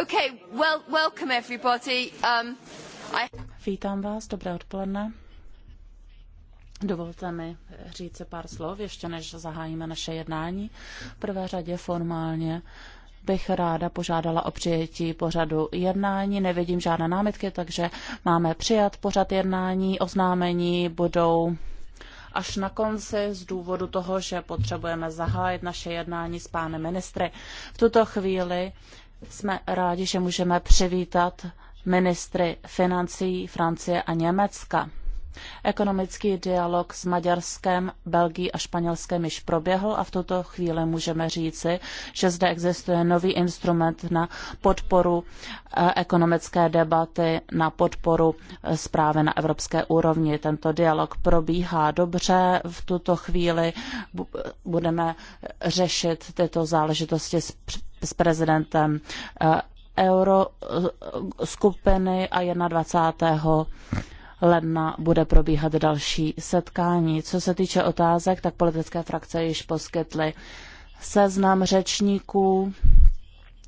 Okay, well, welcome everybody. Um, I... Vítám vás, dobré odpoledne. Dovolte mi říct pár slov, ještě než zahájíme naše jednání. V prvé řadě formálně bych ráda požádala o přijetí pořadu jednání. Nevidím žádné námitky, takže máme přijat pořad jednání. Oznámení budou až na konci z důvodu toho, že potřebujeme zahájit naše jednání s pány ministry. V tuto chvíli jsme rádi, že můžeme přivítat ministry financí Francie a Německa. Ekonomický dialog s Maďarskem, Belgií a Španělskem již proběhl a v tuto chvíli můžeme říci, že zde existuje nový instrument na podporu eh, ekonomické debaty, na podporu eh, zprávy na evropské úrovni. Tento dialog probíhá dobře. V tuto chvíli budeme řešit tyto záležitosti s s prezidentem eh, euroskupiny a 21 ledna bude probíhat další setkání. Co se týče otázek, tak politické frakce již poskytly seznam řečníků.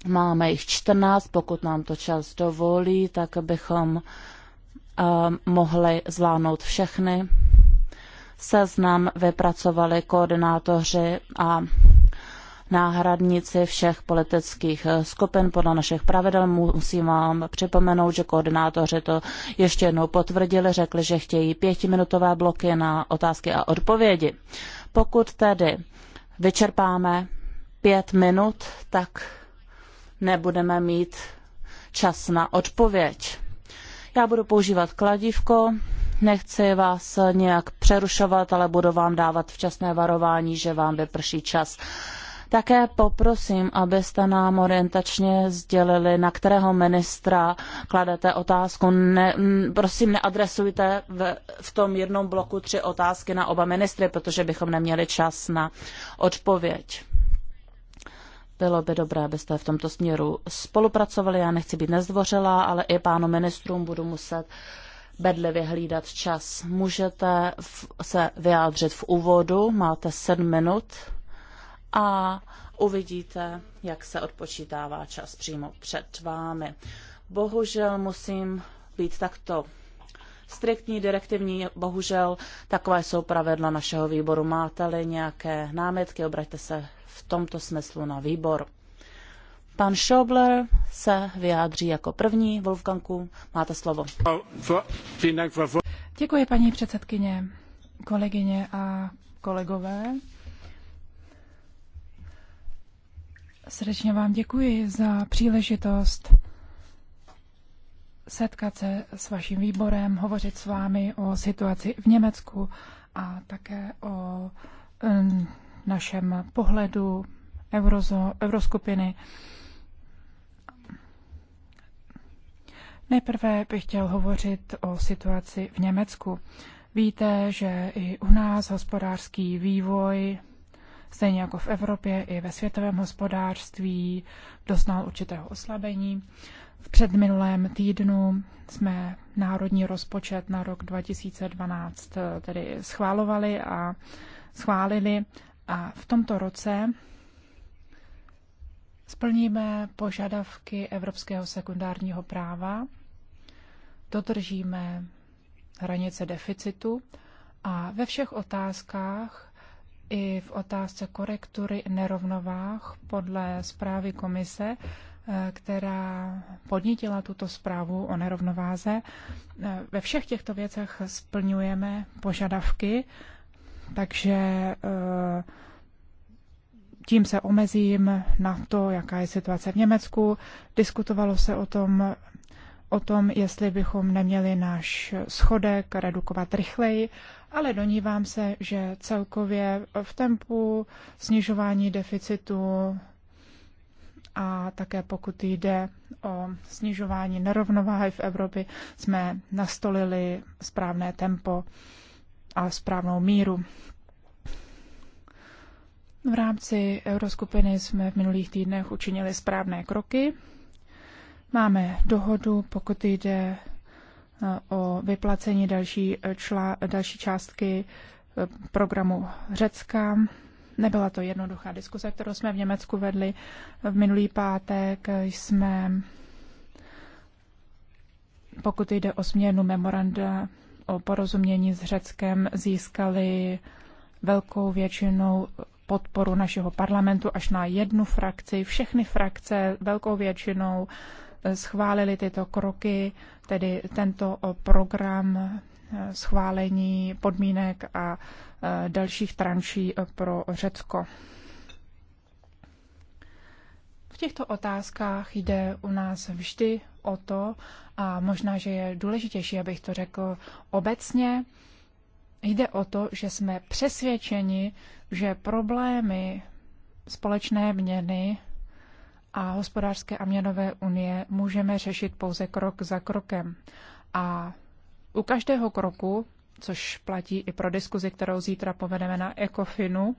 Máme jich 14, pokud nám to čas dovolí, tak bychom uh, mohli zvládnout všechny. Seznam vypracovali koordinátoři a náhradníci všech politických eh, skupin podle našich pravidel. Musím vám připomenout, že koordinátoři to ještě jednou potvrdili, řekli, že chtějí pětiminutové bloky na otázky a odpovědi. Pokud tedy vyčerpáme pět minut, tak nebudeme mít čas na odpověď. Já budu používat kladívko, nechci vás nějak přerušovat, ale budu vám dávat včasné varování, že vám vyprší čas. Také poprosím, abyste nám orientačně sdělili, na kterého ministra kladete otázku. Ne, prosím, neadresujte v, v tom jednom bloku tři otázky na oba ministry, protože bychom neměli čas na odpověď. Bylo by dobré, abyste v tomto směru spolupracovali. Já nechci být nezdvořilá, ale i pánu ministrům budu muset bedlivě hlídat čas. Můžete v, se vyjádřit v úvodu, máte sedm minut a uvidíte, jak se odpočítává čas přímo před vámi. Bohužel musím být takto striktní, direktivní, bohužel takové jsou pravidla našeho výboru. Máte-li nějaké námitky, obraťte se v tomto smyslu na výbor. Pan Schobler se vyjádří jako první. Wolfgangu, máte slovo. Děkuji, paní předsedkyně, kolegyně a kolegové. Srdečně vám děkuji za příležitost setkat se s vaším výborem, hovořit s vámi o situaci v Německu a také o našem pohledu eurozo, euroskupiny. Nejprve bych chtěl hovořit o situaci v Německu. Víte, že i u nás hospodářský vývoj stejně jako v Evropě i ve světovém hospodářství, doznal určitého oslabení. V předminulém týdnu jsme národní rozpočet na rok 2012 eh, tedy schválovali a schválili a v tomto roce splníme požadavky evropského sekundárního práva, dodržíme hranice deficitu a ve všech otázkách, i v otázce korektury nerovnovách podle zprávy komise, eh, která podnítila tuto zprávu o nerovnováze. Eh, ve všech těchto věcech splňujeme požadavky, takže eh, tím se omezím na to, jaká je situace v Německu. Diskutovalo se o tom, o tom, jestli bychom neměli náš schodek redukovat rychleji ale donívám se, že celkově v tempu snižování deficitu a také pokud jde o snižování nerovnováhy v Evropě, jsme nastolili správné tempo a správnou míru. V rámci euroskupiny jsme v minulých týdnech učinili správné kroky. Máme dohodu, pokud jde o vyplacení další, čla, další částky eh, programu Řecka. Nebyla to jednoduchá diskuse, kterou jsme v Německu vedli. V minulý pátek jsme, pokud jde o změnu memoranda o porozumění s Řeckem, získali velkou většinou podporu našeho parlamentu až na jednu frakci. Všechny frakce velkou většinou schválili tyto kroky tedy tento eh, program eh, schválení podmínek a eh, dalších tranší pro Řecko. V těchto otázkách jde u nás vždy o to, a možná, že je důležitější, abych to řekl obecně, jde o to, že jsme přesvědčeni, že problémy společné měny a hospodářské a měnové unie můžeme řešit pouze krok za krokem. A u každého kroku, což platí i pro diskuzi, kterou zítra povedeme na ECOFINu,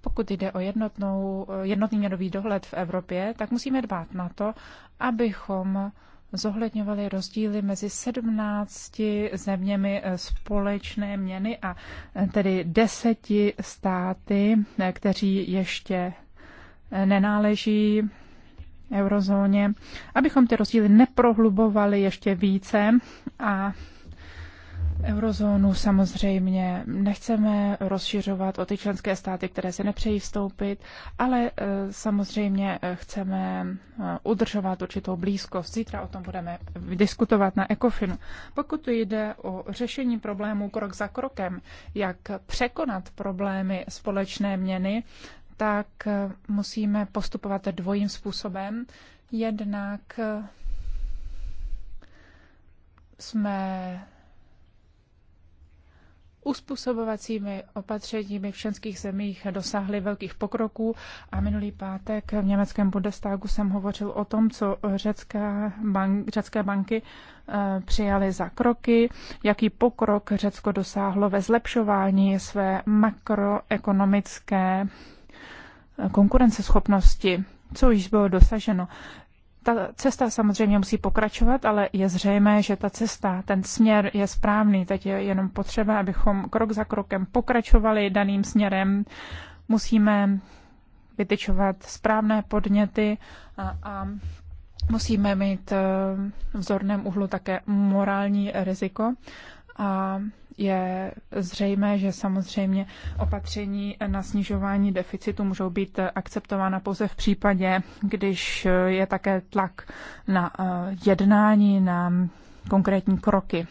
pokud jde o jednotnou, jednotný měnový dohled v Evropě, tak musíme dbát na to, abychom zohledňovali rozdíly mezi 17 zeměmi eh, společné měny a eh, tedy deseti státy, eh, kteří ještě nenáleží eurozóně, abychom ty rozdíly neprohlubovali ještě více a Eurozónu samozřejmě nechceme rozšiřovat o ty členské státy, které se nepřejí vstoupit, ale eh, samozřejmě eh, chceme eh, udržovat určitou blízkost. Zítra o tom budeme diskutovat na ECOFINu. Pokud jde o řešení problémů krok za krokem, jak překonat problémy společné měny tak musíme postupovat dvojím způsobem. Jednak jsme uspůsobovacími opatřeními v členských zemích dosáhli velkých pokroků a minulý pátek v německém Bundestagu jsem hovořil o tom, co řecké, bank, řecké banky eh, přijaly za kroky, jaký pokrok Řecko dosáhlo ve zlepšování své makroekonomické konkurenceschopnosti, co již bylo dosaženo. Ta cesta samozřejmě musí pokračovat, ale je zřejmé, že ta cesta, ten směr je správný. Teď je jenom potřeba, abychom krok za krokem pokračovali daným směrem. Musíme vytyčovat správné podněty a, a musíme mít eh, v zorném úhlu také morální riziko. A je zřejmé, že samozřejmě opatření na snižování deficitu můžou být akceptována pouze v případě, když je také tlak na eh, jednání, na konkrétní kroky.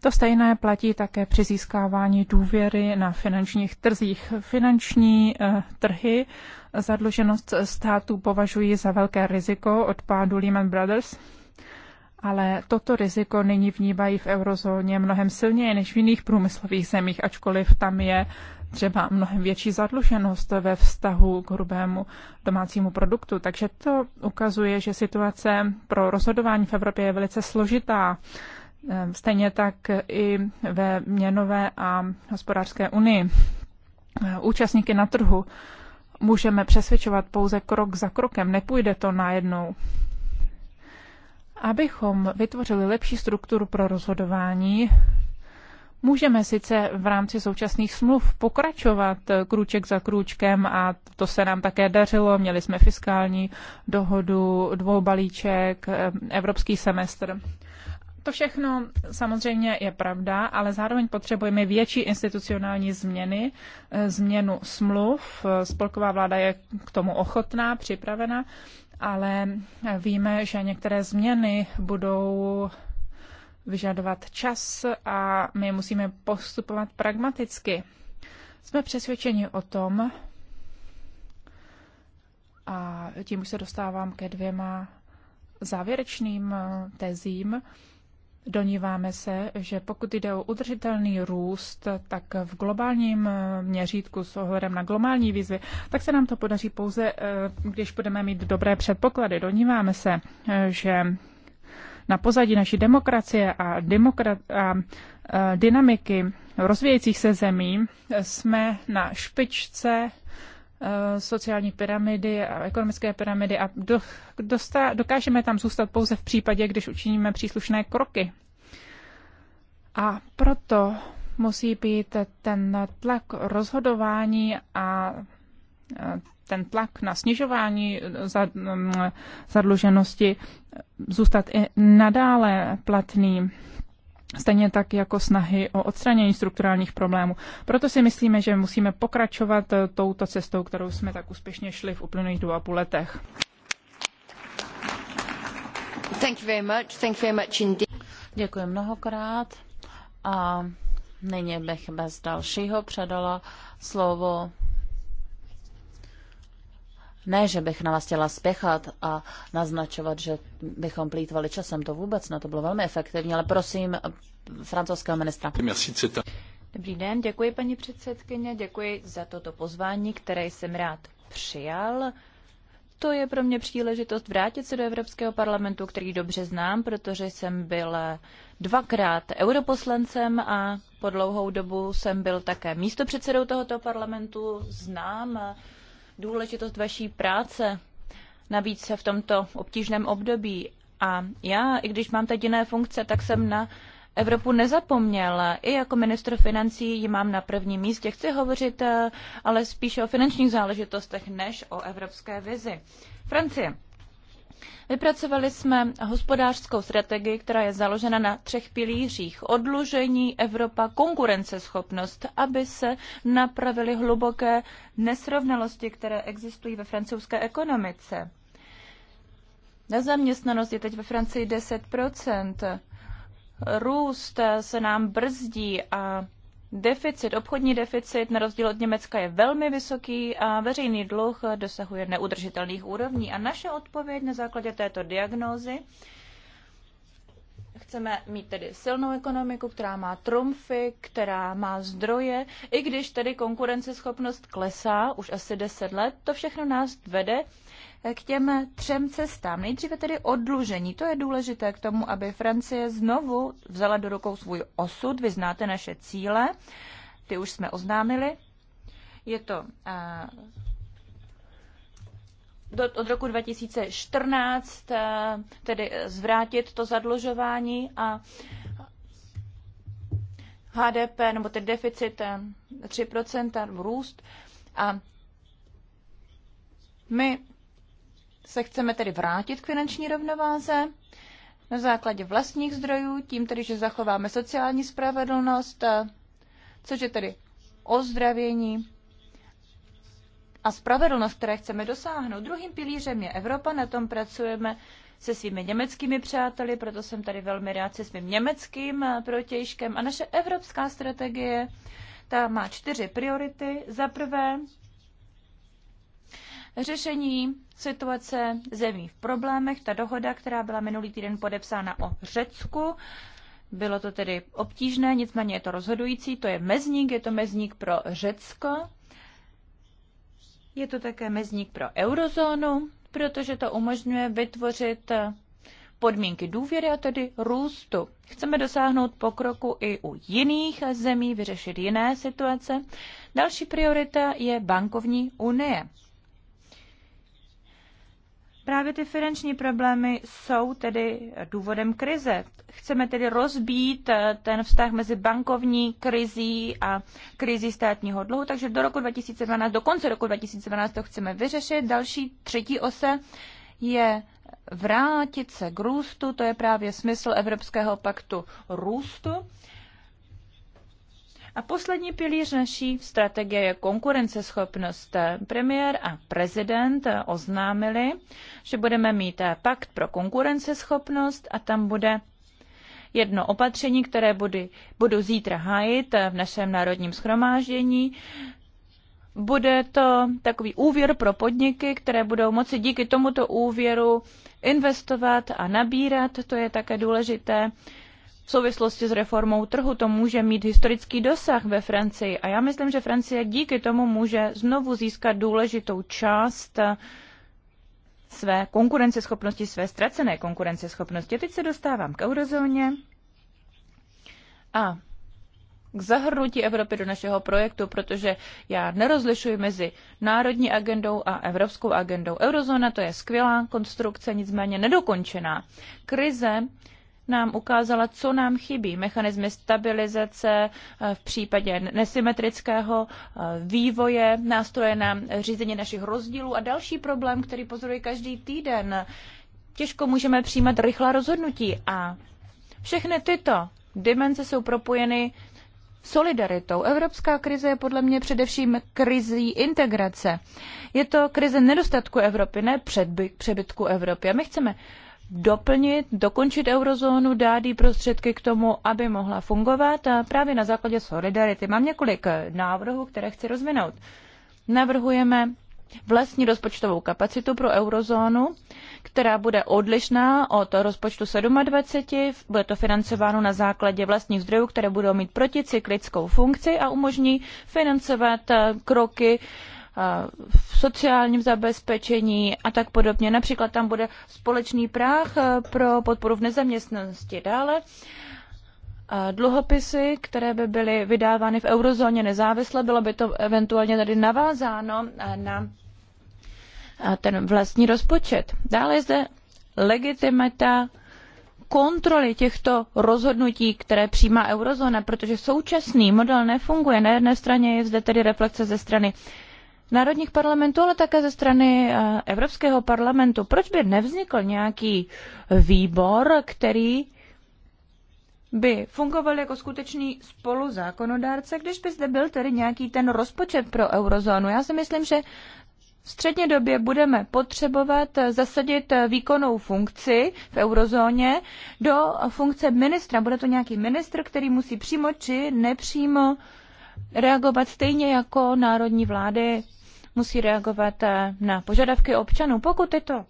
To stejné platí také při získávání důvěry na finančních trzích. Finanční eh, trhy eh, zadluženost států považují za velké riziko od pádu Lehman Brothers – ale toto riziko nyní vnímají v eurozóně mnohem silněji než v jiných průmyslových zemích, ačkoliv tam je třeba mnohem větší zadluženost ve vztahu k hrubému domácímu produktu. Takže to ukazuje, že situace pro rozhodování v Evropě je velice složitá. Ehm, stejně tak i ve měnové a hospodářské unii. Ehm, účastníky na trhu můžeme přesvědčovat pouze krok za krokem, nepůjde to najednou. Abychom vytvořili lepší strukturu pro rozhodování, můžeme sice v rámci současných smluv pokračovat krůček za krůčkem a to se nám také dařilo. Měli jsme fiskální dohodu, dvou balíček, evropský semestr. To všechno samozřejmě je pravda, ale zároveň potřebujeme větší institucionální změny, změnu smluv. Spolková vláda je k tomu ochotná, připravena ale víme, že některé změny budou vyžadovat čas a my musíme postupovat pragmaticky. Jsme přesvědčeni o tom, a tím už se dostávám ke dvěma závěrečným tezím, Doníváme se, že pokud jde o udržitelný růst, tak v globálním měřítku s ohledem na globální výzvy, tak se nám to podaří pouze, eh, když budeme mít dobré předpoklady. Doníváme se, eh, že na pozadí naší demokracie a, demokra- a, eh, dynamiky rozvíjejících se zemí jsme na špičce Eh, sociální pyramidy a ekonomické pyramidy a do, dosta, dokážeme tam zůstat pouze v případě, když učiníme příslušné kroky. A proto musí být ten tlak rozhodování a eh, ten tlak na snižování eh, mm, zadluženosti zůstat i nadále platný stejně tak jako snahy o odstranění strukturálních problémů. Proto si myslíme, že musíme pokračovat eh, touto cestou, kterou jsme tak úspěšně šli v uplynulých dvou a půl letech. Thank you very much. Thank you very much Děkuji mnohokrát a nyní bych bez dalšího předala slovo ne, že bych na vás chtěla spěchat a naznačovat, že bychom plítvali časem, to vůbec ne, to bylo velmi efektivní, ale prosím eh, francouzského ministra. Dobrý den, děkuji paní předsedkyně, děkuji za toto pozvání, které jsem rád přijal. To je pro mě příležitost vrátit se do Evropského parlamentu, který dobře znám, protože jsem byl dvakrát europoslancem a po dlouhou dobu jsem byl také místopředsedou tohoto parlamentu. Znám důležitost vaší práce, navíc v tomto obtížném období. A já, i když mám teď jiné funkce, tak jsem na Evropu nezapomněl. I jako ministr financí ji mám na prvním místě. Chci hovořit eh, ale spíše o finančních záležitostech než o evropské vizi. Francie. Vypracovali jsme hospodářskou strategii, která je založena na třech pilířích. Odlužení Evropa, konkurenceschopnost, aby se napravily hluboké nesrovnalosti, které existují ve francouzské ekonomice. Nezaměstnanost je teď ve Francii 10%. Růst se nám brzdí a deficit, obchodní deficit na rozdíl od Německa je velmi vysoký a veřejný dluh dosahuje neudržitelných úrovní. A naše odpověď na základě této diagnózy Chceme mít tedy silnou ekonomiku, která má trumfy, která má zdroje, i když tedy konkurenceschopnost klesá už asi 10 let, to všechno nás vede k těm třem cestám. Nejdříve tedy odlužení. To je důležité k tomu, aby Francie znovu vzala do rukou svůj osud. Vy znáte naše cíle, ty už jsme oznámili. Je to do, od roku 2014, tedy zvrátit to zadlužování a HDP, nebo ten deficit 3%, růst. A my se chceme tedy vrátit k finanční rovnováze na základě vlastních zdrojů, tím tedy, že zachováme sociální spravedlnost, eh, což je tedy ozdravění a spravedlnost, které chceme dosáhnout. Druhým pilířem je Evropa, na tom pracujeme se svými německými přáteli, proto jsem tady velmi rád se svým německým eh, protějškem. A naše evropská strategie, ta má čtyři priority. Za prvé, řešení situace zemí v problémech. Ta dohoda, která byla minulý týden podepsána o Řecku, bylo to tedy obtížné, nicméně je to rozhodující, to je mezník, je to mezník pro Řecko, je to také mezník pro eurozónu, protože to umožňuje vytvořit podmínky důvěry a tedy růstu. Chceme dosáhnout pokroku i u jiných zemí, vyřešit jiné situace. Další priorita je bankovní unie. Právě ty finanční problémy jsou tedy důvodem krize. Chceme tedy rozbít eh, ten vztah mezi bankovní krizí a krizí státního dluhu, takže do roku 2012, do konce roku 2012 to chceme vyřešit. Další třetí ose je vrátit se k růstu, to je právě smysl Evropského paktu růstu. A poslední pilíř naší strategie je konkurenceschopnost. Premiér a prezident oznámili, že budeme mít pakt pro konkurenceschopnost a tam bude jedno opatření, které budu, budu zítra hájit v našem národním schromáždění. Bude to takový úvěr pro podniky, které budou moci díky tomuto úvěru investovat a nabírat, to je také důležité v souvislosti s reformou trhu to může mít historický dosah ve Francii. A já myslím, že Francie díky tomu může znovu získat důležitou část eh, své konkurenceschopnosti, své ztracené konkurenceschopnosti. teď se dostávám k eurozóně a k zahrnutí Evropy do našeho projektu, protože já nerozlišuji mezi národní agendou a evropskou agendou. Eurozóna to je skvělá konstrukce, nicméně nedokončená. Krize nám ukázala, co nám chybí. Mechanizmy stabilizace eh, v případě nesymetrického eh, vývoje, nástroje na řízení našich rozdílů a další problém, který pozoruje každý týden. Těžko můžeme přijímat rychlá rozhodnutí a všechny tyto dimenze jsou propojeny solidaritou. Evropská krize je podle mě především krizí integrace. Je to krize nedostatku Evropy, ne přebytku Evropy. A my chceme doplnit, dokončit eurozónu, dát jí prostředky k tomu, aby mohla fungovat a právě na základě solidarity. Mám několik návrhů, které chci rozvinout. Navrhujeme vlastní rozpočtovou kapacitu pro eurozónu, která bude odlišná od rozpočtu 27. Bude to financováno na základě vlastních zdrojů, které budou mít proticyklickou funkci a umožní financovat kroky v sociálním zabezpečení a tak podobně. Například tam bude společný práh eh, pro podporu v nezaměstnanosti. Dále eh, dluhopisy, které by byly vydávány v eurozóně nezávisle, bylo by to eventuálně tady navázáno eh, na ten vlastní rozpočet. Dále je zde legitimita kontroly těchto rozhodnutí, které přijímá eurozóna, protože současný model nefunguje. Na jedné straně je zde tedy reflexe ze strany národních parlamentů, ale také ze strany eh, Evropského parlamentu. Proč by nevznikl nějaký výbor, který by fungoval jako skutečný spoluzákonodárce, když by zde byl tedy nějaký ten rozpočet pro eurozónu. Já si myslím, že v středně době budeme potřebovat eh, zasadit eh, výkonnou funkci v eurozóně do funkce ministra. Bude to nějaký ministr, který musí přímo či nepřímo reagovat stejně jako národní vlády musí reagovat eh, na požadavky občanů. Pokud tyto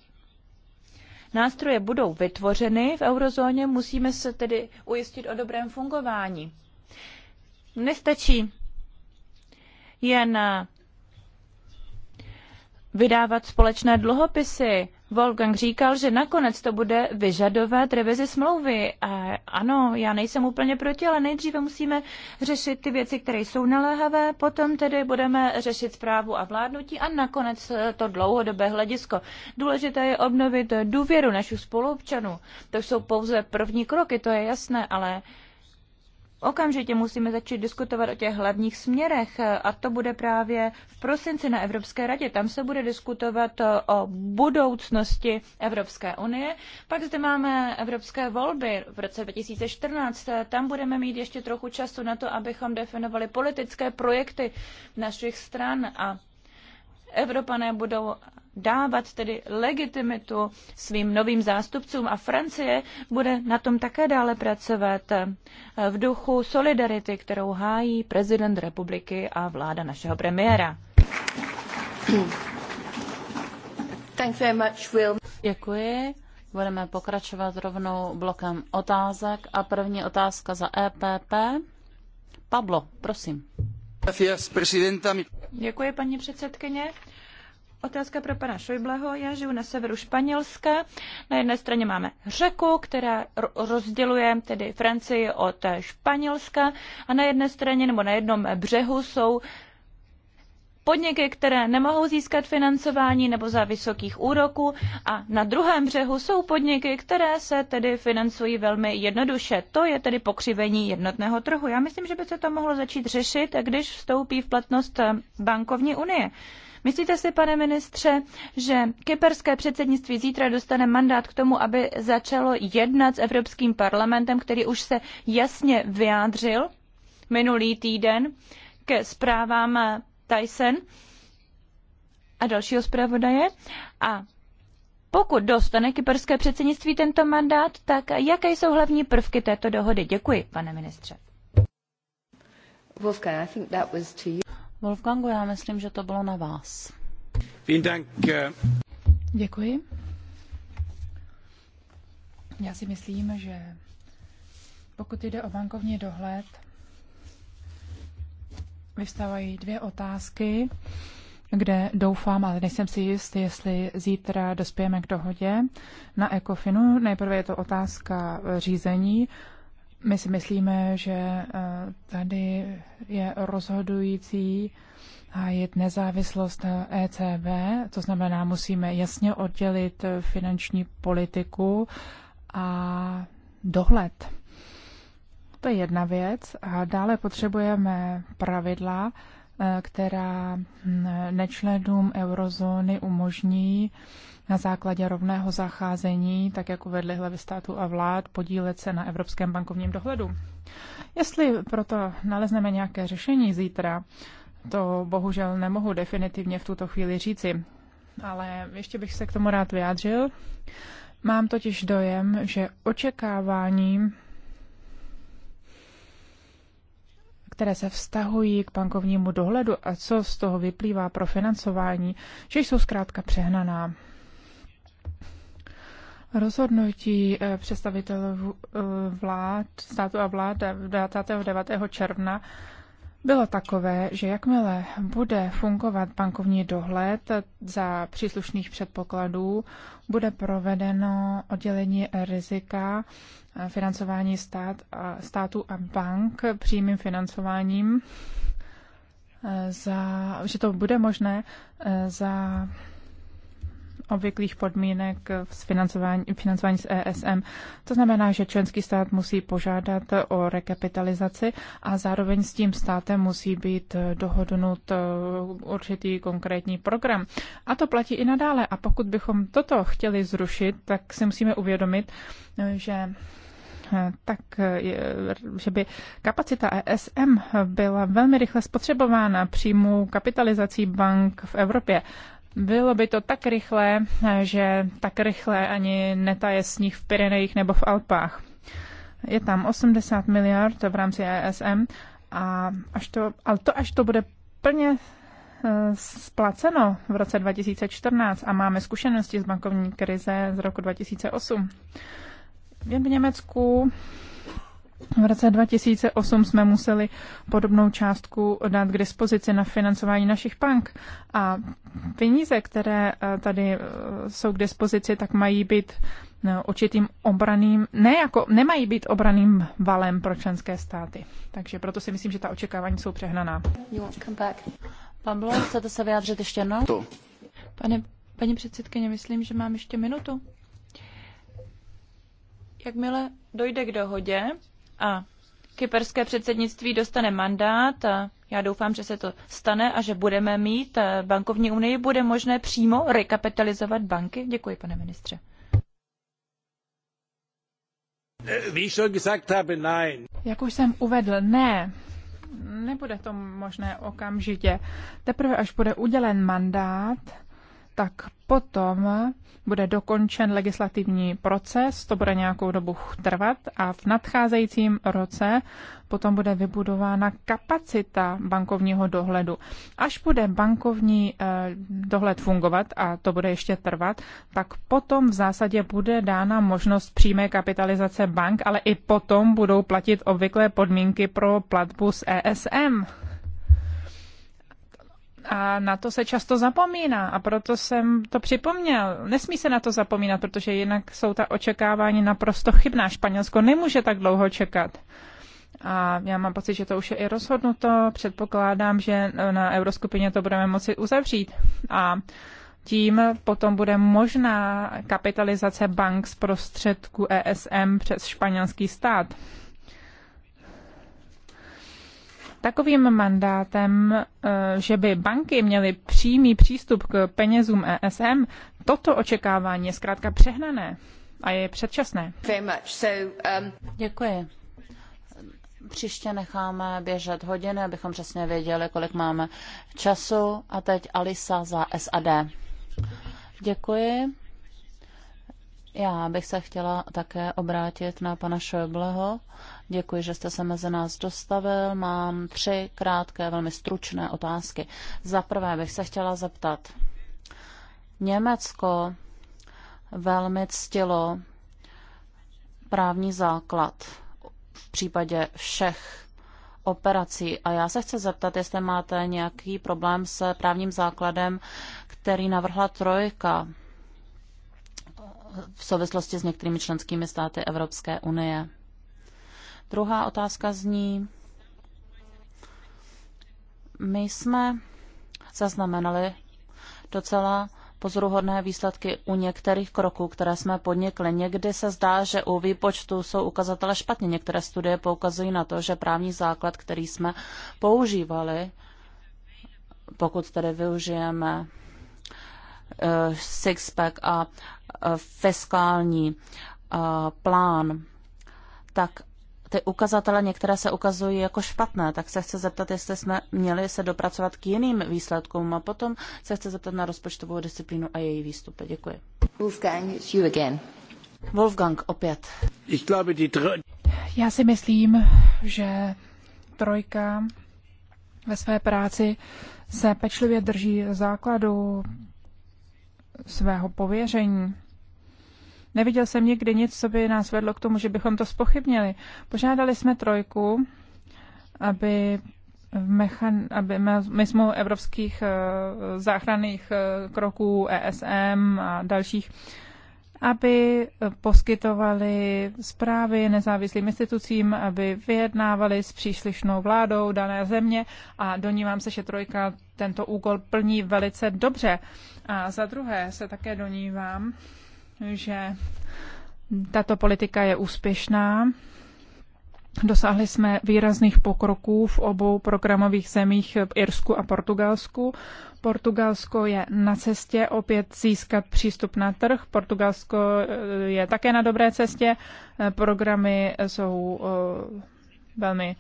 nástroje budou vytvořeny v eurozóně, musíme se tedy ujistit o dobrém fungování. Nestačí jen eh, vydávat společné dluhopisy Wolfgang říkal, že nakonec to bude vyžadovat revizi smlouvy. A ano, já nejsem úplně proti, ale nejdříve musíme řešit ty věci, které jsou naléhavé, potom tedy budeme řešit zprávu a vládnutí a nakonec to dlouhodobé hledisko. Důležité je obnovit důvěru našich spoluobčanů. To jsou pouze první kroky, to je jasné, ale Okamžitě musíme začít diskutovat o těch hlavních směrech a to bude právě v prosinci na Evropské radě. Tam se bude diskutovat o budoucnosti Evropské unie. Pak zde máme evropské volby v roce 2014. Tam budeme mít ještě trochu času na to, abychom definovali politické projekty našich stran a Evropané budou dávat tedy legitimitu svým novým zástupcům a Francie bude na tom také dále pracovat v duchu solidarity, kterou hájí prezident republiky a vláda našeho premiéra. Thanks very much, Will. Děkuji. Budeme pokračovat rovnou blokem otázek a první otázka za EPP. Pablo, prosím. Gracias, Děkuji, paní předsedkyně. Otázka pro pana Šojbleho. Já žiju na severu Španělska. Na jedné straně máme řeku, která rozděluje tedy Francii od Španělska a na jedné straně nebo na jednom břehu jsou podniky, které nemohou získat financování nebo za vysokých úroků a na druhém břehu jsou podniky, které se tedy financují velmi jednoduše. To je tedy pokřivení jednotného trhu. Já myslím, že by se to mohlo začít řešit, když vstoupí v platnost eh, bankovní unie. Myslíte si, pane ministře, že kyperské předsednictví zítra dostane mandát k tomu, aby začalo jednat s Evropským parlamentem, který už se jasně vyjádřil minulý týden ke zprávám eh, Tyson a dalšího zpravodaje. A pokud dostane kyperské předsednictví tento mandát, tak jaké jsou hlavní prvky této dohody? Děkuji, pane ministře. Wolfgang, I think that was to you. Wolfgangu, já myslím, že to bylo na vás. Eh. Děkuji. Já si myslím, že pokud jde o bankovní dohled, Vystávají dvě otázky, kde doufám, ale nejsem si jist, jestli zítra dospějeme k dohodě na ECOFINu. Nejprve je to otázka eh, řízení. My si myslíme, že eh, tady je rozhodující a je nezávislost ECB, eh, e to znamená, musíme jasně oddělit finanční politiku a dohled to je jedna věc. A dále potřebujeme pravidla, eh, která hm, nečlenům eurozóny umožní na základě rovného zacházení, tak jak uvedly hlavy států a vlád, podílet se na evropském bankovním dohledu. Jestli proto nalezneme nějaké řešení zítra, to bohužel nemohu definitivně v tuto chvíli říci, ale ještě bych se k tomu rád vyjádřil. Mám totiž dojem, že očekávání které se vztahují k bankovnímu dohledu a co z toho vyplývá pro financování, že jsou zkrátka přehnaná. Rozhodnutí eh, představitelů eh, vlád, státu a vlád 9. Eh, června bylo takové, že jakmile bude fungovat bankovní dohled za příslušných předpokladů, bude provedeno oddělení rizika eh, financování stát a, státu a bank přímým financováním, eh, za, že to bude možné eh, za obvyklých podmínek v financování, financování z ESM. To znamená, že členský stát musí požádat o rekapitalizaci a zároveň s tím státem musí být dohodnut eh, určitý konkrétní program. A to platí i nadále. A pokud bychom toto chtěli zrušit, tak si musíme uvědomit, eh, že eh, tak, že by kapacita ESM byla velmi rychle spotřebována přímou kapitalizací bank v Evropě. Bylo by to tak rychlé, že tak rychle ani netaje sníh v Pyrenejích nebo v Alpách. Je tam 80 miliard v rámci ESM a až to, ale to až to bude plně eh, splaceno v roce 2014 a máme zkušenosti z bankovní krize z roku 2008. V Německu v roce 2008 jsme museli podobnou částku dát k dispozici na financování našich bank a peníze, které eh, tady eh, jsou k dispozici, tak mají být eh, určitým obraným, ne jako, nemají být obraným valem pro členské státy. Takže proto si myslím, že ta očekávání jsou přehnaná. Pablo, chcete se vyjádřit ještě jednou? To. Pane, paní předsedkyně, myslím, že mám ještě minutu. Jakmile dojde k dohodě, a kyperské předsednictví dostane mandát, a já doufám, že se to stane a že budeme mít bankovní unii, bude možné přímo rekapitalizovat banky? Děkuji, pane ministře. Jak už jsem uvedl, ne. Nebude to možné okamžitě. Teprve až bude udělen mandát, tak potom bude dokončen legislativní proces, to bude nějakou dobu trvat a v nadcházejícím roce potom bude vybudována kapacita bankovního dohledu. Až bude bankovní eh, dohled fungovat a to bude ještě trvat, tak potom v zásadě bude dána možnost přímé kapitalizace bank, ale i potom budou platit obvyklé podmínky pro platbu e s ESM. A na to se často zapomíná a proto jsem to připomněl. Nesmí se na to zapomínat, protože jinak jsou ta očekávání naprosto chybná. Španělsko nemůže tak dlouho čekat. A já mám pocit, že to už je i rozhodnuto. Předpokládám, že na euroskupině to budeme moci uzavřít. A tím potom bude možná kapitalizace bank z prostředku ESM přes španělský stát. Takovým mandátem, eh, že by banky měly přímý přístup k penězům ESM, toto očekávání je zkrátka přehnané a je předčasné. Um, Děkuji. Příště necháme běžet hodiny, abychom přesně věděli, kolik máme času. A teď Alisa za SAD. Děkuji. Já bych se chtěla také obrátit na pana Šöbleho Děkuji, že jste se mezi nás dostavil. Mám tři krátké, velmi stručné otázky. Za prvé bych se chtěla zeptat. Německo velmi ctilo právní základ v případě všech operací. A já se chci zeptat, jestli máte nějaký problém s právním základem, který navrhla Trojka v souvislosti s některými členskými státy Evropské unie. Druhá otázka zní, my jsme zaznamenali docela pozoruhodné výsledky u některých kroků, které jsme podnikli. Někdy se zdá, že u výpočtu jsou ukazatele špatně. Některé studie poukazují na to, že právní základ, který jsme používali, pokud tedy využijeme uh, six-pack a uh, fiskální uh, plán, tak ty ukazatele, některé se ukazují jako špatné, tak se chce zeptat, jestli jsme měli se dopracovat k jiným výsledkům a potom se chce zeptat na rozpočtovou disciplínu a její výstupy. Děkuji. Wolfgang, it's you again. Wolfgang, opět. Ich glaube, die Já si myslím, že trojka ve své práci se pečlivě drží základu svého pověření. Neviděl jsem nikdy nic, co by nás vedlo k tomu, že bychom to spochybnili. Požádali jsme trojku, aby mechan, aby mimo evropských eh, záchranných eh, kroků ESM a dalších, aby poskytovali zprávy nezávislým institucím, aby vyjednávali s příslišnou vládou dané země a donívám se, že Trojka tento úkol plní velice dobře. A za druhé se také donívám, že tato politika je úspěšná. Dosáhli jsme výrazných pokroků v obou programových zemích Irsku a Portugalsku. Portugalsko je na cestě opět získat přístup na trh. Portugalsko eh, je také na dobré cestě. Eh, programy jsou eh, velmi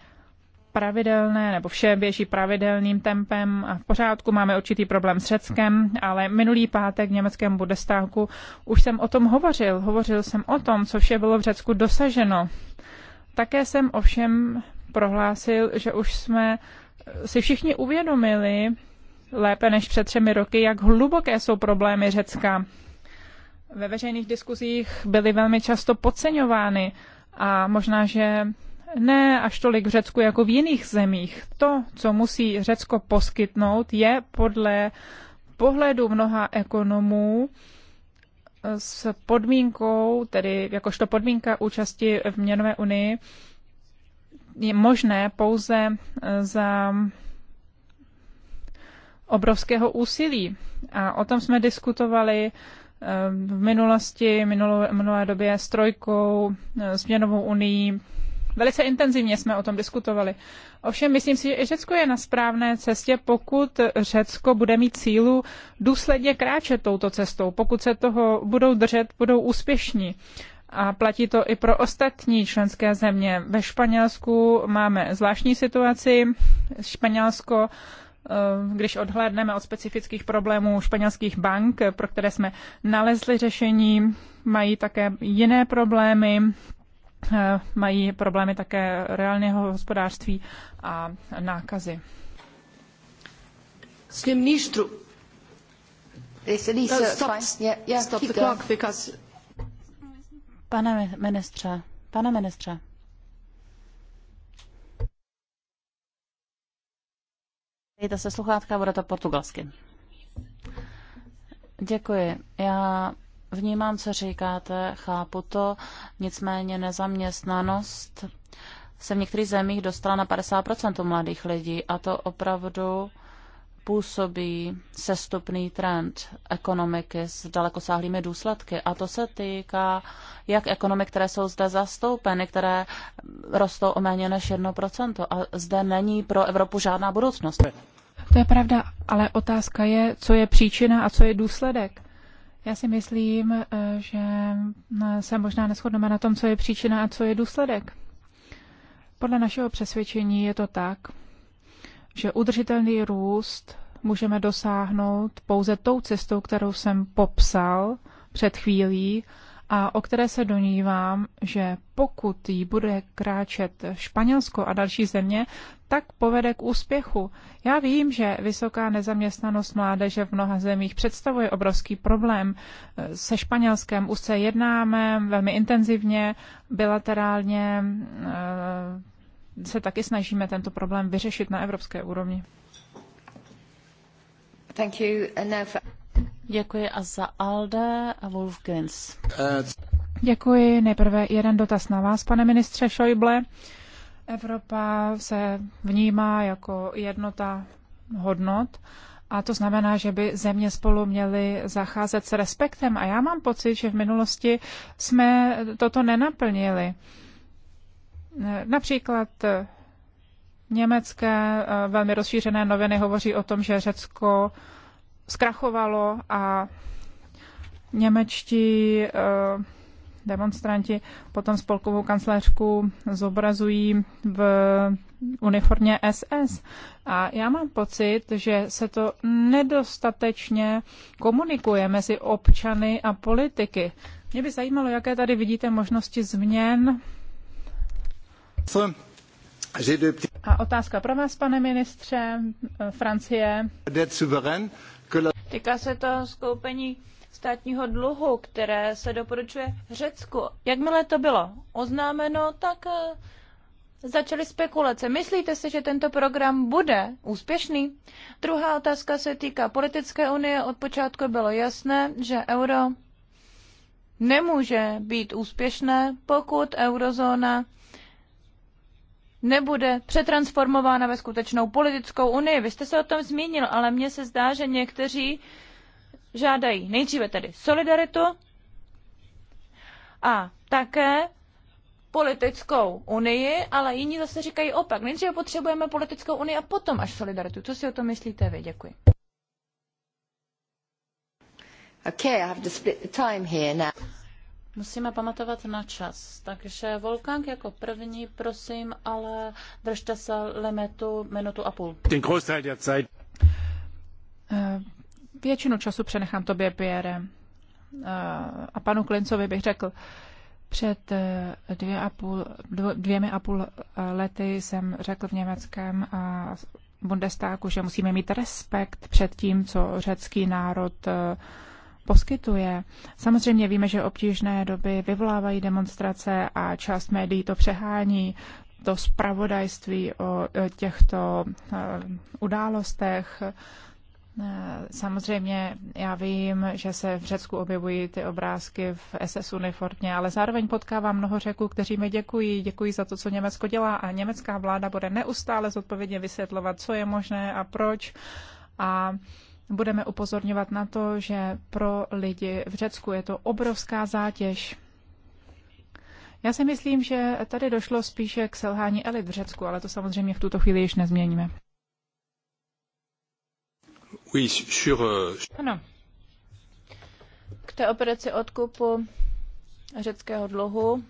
pravidelné, nebo vše běží pravidelným tempem a v pořádku. Máme určitý problém s Řeckem, ale minulý pátek v německém Bundestagu už jsem o tom hovořil. Hovořil jsem o tom, co vše bylo v Řecku dosaženo. Také jsem ovšem prohlásil, že už jsme si všichni uvědomili, lépe než před třemi roky, jak hluboké jsou problémy Řecka. Ve veřejných diskuzích byly velmi často podceňovány a možná, že ne až tolik v Řecku jako v jiných zemích. To, co musí Řecko poskytnout, je podle pohledu mnoha ekonomů eh, s podmínkou, tedy jakožto podmínka účasti v měnové unii, je možné pouze eh, za obrovského úsilí. A o tom jsme diskutovali eh, v minulosti, minulé době s trojkou, s měnovou unii, Velice intenzivně jsme o tom diskutovali. Ovšem, myslím si, že i Řecko je na správné cestě, pokud Řecko bude mít cílu důsledně kráčet touto cestou. Pokud se toho budou držet, budou úspěšní. A platí to i pro ostatní členské země. Ve Španělsku máme zvláštní situaci. Španělsko eh, když odhlédneme od specifických problémů španělských bank, pro které jsme nalezli řešení, mají také jiné problémy, Eh, mají problémy také reálného hospodářství a nákazy. Sr. ministru, no, uh, Pane ministře, pane ministře. Dejte se sluchátka, bude to portugalsky. Děkuji. Já Vnímám, co říkáte, chápu to, nicméně nezaměstnanost se v některých zemích dostala na 50% mladých lidí a to opravdu působí sestupný trend ekonomiky s dalekosáhlými důsledky. A to se týká jak ekonomik, které jsou zde zastoupeny, které rostou o méně než 1%. A zde není pro Evropu žádná budoucnost. To je pravda, ale otázka je, co je příčina a co je důsledek. Já si myslím, eh, že eh, se možná neschodneme na tom, co je příčina a co je důsledek. Podle našeho přesvědčení je to tak, že udržitelný růst můžeme dosáhnout pouze tou cestou, kterou jsem popsal před chvílí, a o které se donívám, že pokud jí bude kráčet Španělsko a další země, tak povede k úspěchu. Já vím, že vysoká nezaměstnanost mládeže v mnoha zemích představuje obrovský problém. Se Španělskem už se jednáme velmi intenzivně, bilaterálně eh, se taky snažíme tento problém vyřešit na evropské úrovni. Thank you. And now for... Děkuji a za Alde a Wolfgens. Děkuji. Nejprve jeden dotaz na vás, pane ministře Schäuble. Evropa se vnímá jako jednota hodnot a to znamená, že by země spolu měly zacházet s respektem. A já mám pocit, že v minulosti jsme toto nenaplnili. Například německé eh, velmi rozšířené noviny hovoří o tom, že Řecko zkrachovalo a němečtí eh, demonstranti potom spolkovou kancléřku zobrazují v uniformě SS. A já mám pocit, že se to nedostatečně komunikuje mezi občany a politiky. Mě by zajímalo, jaké tady vidíte možnosti změn. A otázka pro vás, pane ministře, Francie. Týká se to skoupení státního dluhu, které se doporučuje Řecku. Jakmile to bylo oznámeno, tak eh, začaly spekulace. Myslíte si, že tento program bude úspěšný? Druhá otázka se týká politické unie. Od počátku bylo jasné, že euro nemůže být úspěšné, pokud eurozóna nebude přetransformována ve skutečnou politickou unii. Vy jste se o tom zmínil, ale mně se zdá, že někteří žádají nejdříve tedy solidaritu a také politickou unii, ale jiní zase říkají opak. Nejdříve potřebujeme politickou unii a potom až solidaritu. Co si o tom myslíte vy? Děkuji. Okay, I have to split the time here now. Musíme pamatovat na čas. Takže Volkang jako první, prosím, ale držte se limitu minutu a půl. Den Großteil der Zeit. Eh, většinu času přenechám tobě, Pierre. Eh, a panu Klincovi bych řekl, před eh, dvě a půl, dvěmi a půl lety jsem řekl v německém a Bundestagu, že musíme mít respekt před tím, co řecký národ poskytuje. Samozřejmě víme, že obtížné doby vyvolávají demonstrace a část médií to přehání, to zpravodajství o e, těchto e, událostech. E, samozřejmě já vím, že se v Řecku objevují ty obrázky v SS uniformě, ale zároveň potkávám mnoho Řeků, kteří mi děkují. Děkuji za to, co Německo dělá a německá vláda bude neustále zodpovědně vysvětlovat, co je možné a proč. A budeme upozorňovat na to, že pro lidi v Řecku je to obrovská zátěž. Já si myslím, že tady došlo spíše k selhání elit v Řecku, ale to samozřejmě v tuto chvíli již nezměníme. Euh, ano. K té operaci odkupu řeckého dluhu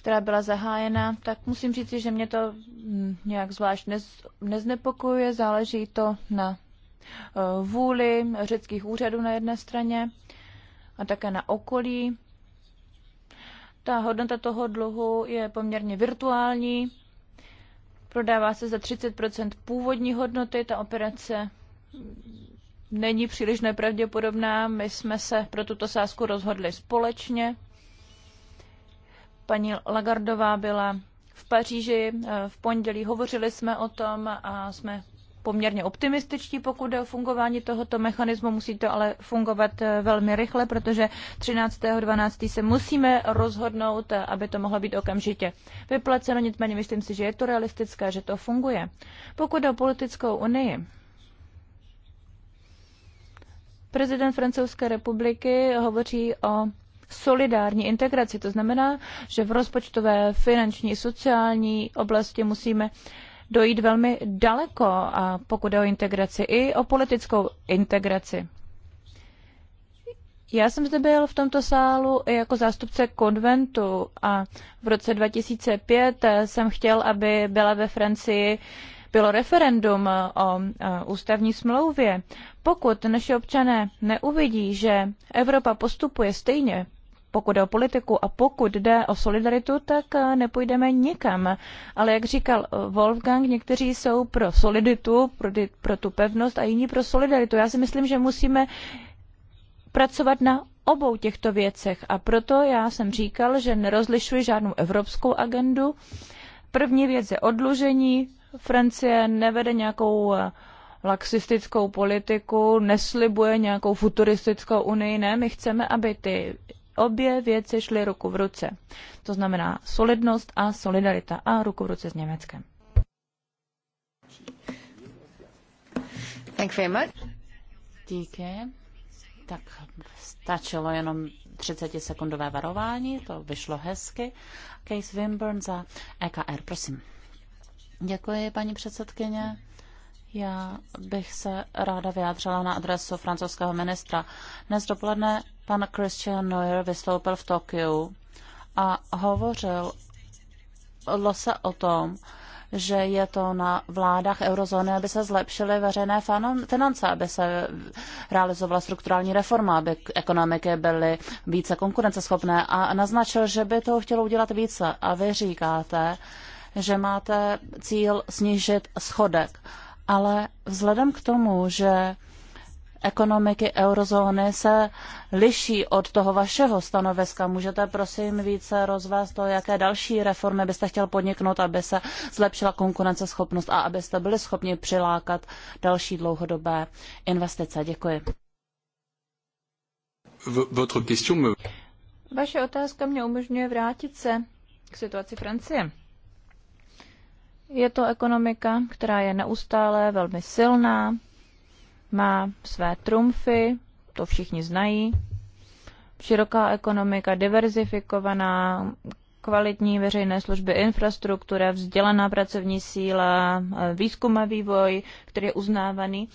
která byla zahájena, tak musím říct, že mě to mm, nějak zvlášť nez, neznepokojuje. Záleží to na e, vůli řeckých úřadů na jedné straně a také na okolí. Ta hodnota toho dluhu je poměrně virtuální. Prodává se za 30 původní hodnoty. Ta operace není příliš nepravděpodobná. My jsme se pro tuto sázku rozhodli společně Paní Lagardová byla v Paříži eh, v pondělí, hovořili jsme o tom a jsme poměrně optimističtí, pokud jde o fungování tohoto mechanismu. Musí to ale fungovat eh, velmi rychle, protože 13.12. se musíme rozhodnout, eh, aby to mohlo být okamžitě vyplaceno. Nicméně myslím si, že je to realistické, že to funguje. Pokud jde o politickou unii, prezident Francouzské republiky hovoří o solidární integraci. To znamená, že v rozpočtové, finanční, sociální oblasti musíme dojít velmi daleko, a pokud je o integraci, i o politickou integraci. Já jsem zde byl v tomto sálu i jako zástupce konventu a v roce 2005 jsem chtěl, aby byla ve Francii bylo referendum o ústavní smlouvě. Pokud naše občané neuvidí, že Evropa postupuje stejně pokud jde o politiku a pokud jde o solidaritu, tak eh, nepůjdeme nikam. Ale jak říkal eh, Wolfgang, někteří jsou pro soliditu, pro, pro tu pevnost a jiní pro solidaritu. Já si myslím, že musíme pracovat na obou těchto věcech a proto já jsem říkal, že nerozlišuji žádnou evropskou agendu. První věc je odlužení. Francie nevede nějakou eh, laxistickou politiku, neslibuje nějakou futuristickou unii, ne, my chceme, aby ty obě věci šly ruku v ruce. To znamená solidnost a solidarita a ruku v ruce s Německem. Thank you very much. Díky. Tak stačilo jenom 30-sekundové varování, to vyšlo hezky. Case Wimburn za EKR, prosím. Děkuji, paní předsedkyně. Já bych se ráda vyjádřila na adresu francouzského ministra. Dnes dopoledne Pan Christian Neuer vystoupil v Tokiu a hovořil se o tom, že je to na vládách eurozóny, aby se zlepšily veřejné finance, aby se realizovala strukturální reforma, aby ekonomiky byly více konkurenceschopné a naznačil, že by to chtělo udělat více. A vy říkáte, že máte cíl snížit schodek. Ale vzhledem k tomu, že ekonomiky eurozóny se liší od toho vašeho stanoviska. Můžete prosím více rozvést to, jaké další reformy byste chtěl podniknout, aby se zlepšila konkurenceschopnost a abyste byli schopni přilákat další dlouhodobé investice. Děkuji. Vaše otázka mě umožňuje vrátit se k situaci Francie. Je to ekonomika, která je neustále velmi silná, má své trumfy, to všichni znají. Široká ekonomika, diverzifikovaná, kvalitní veřejné služby, infrastruktura, vzdělaná pracovní síla, výzkum a vývoj, který je uznávaný.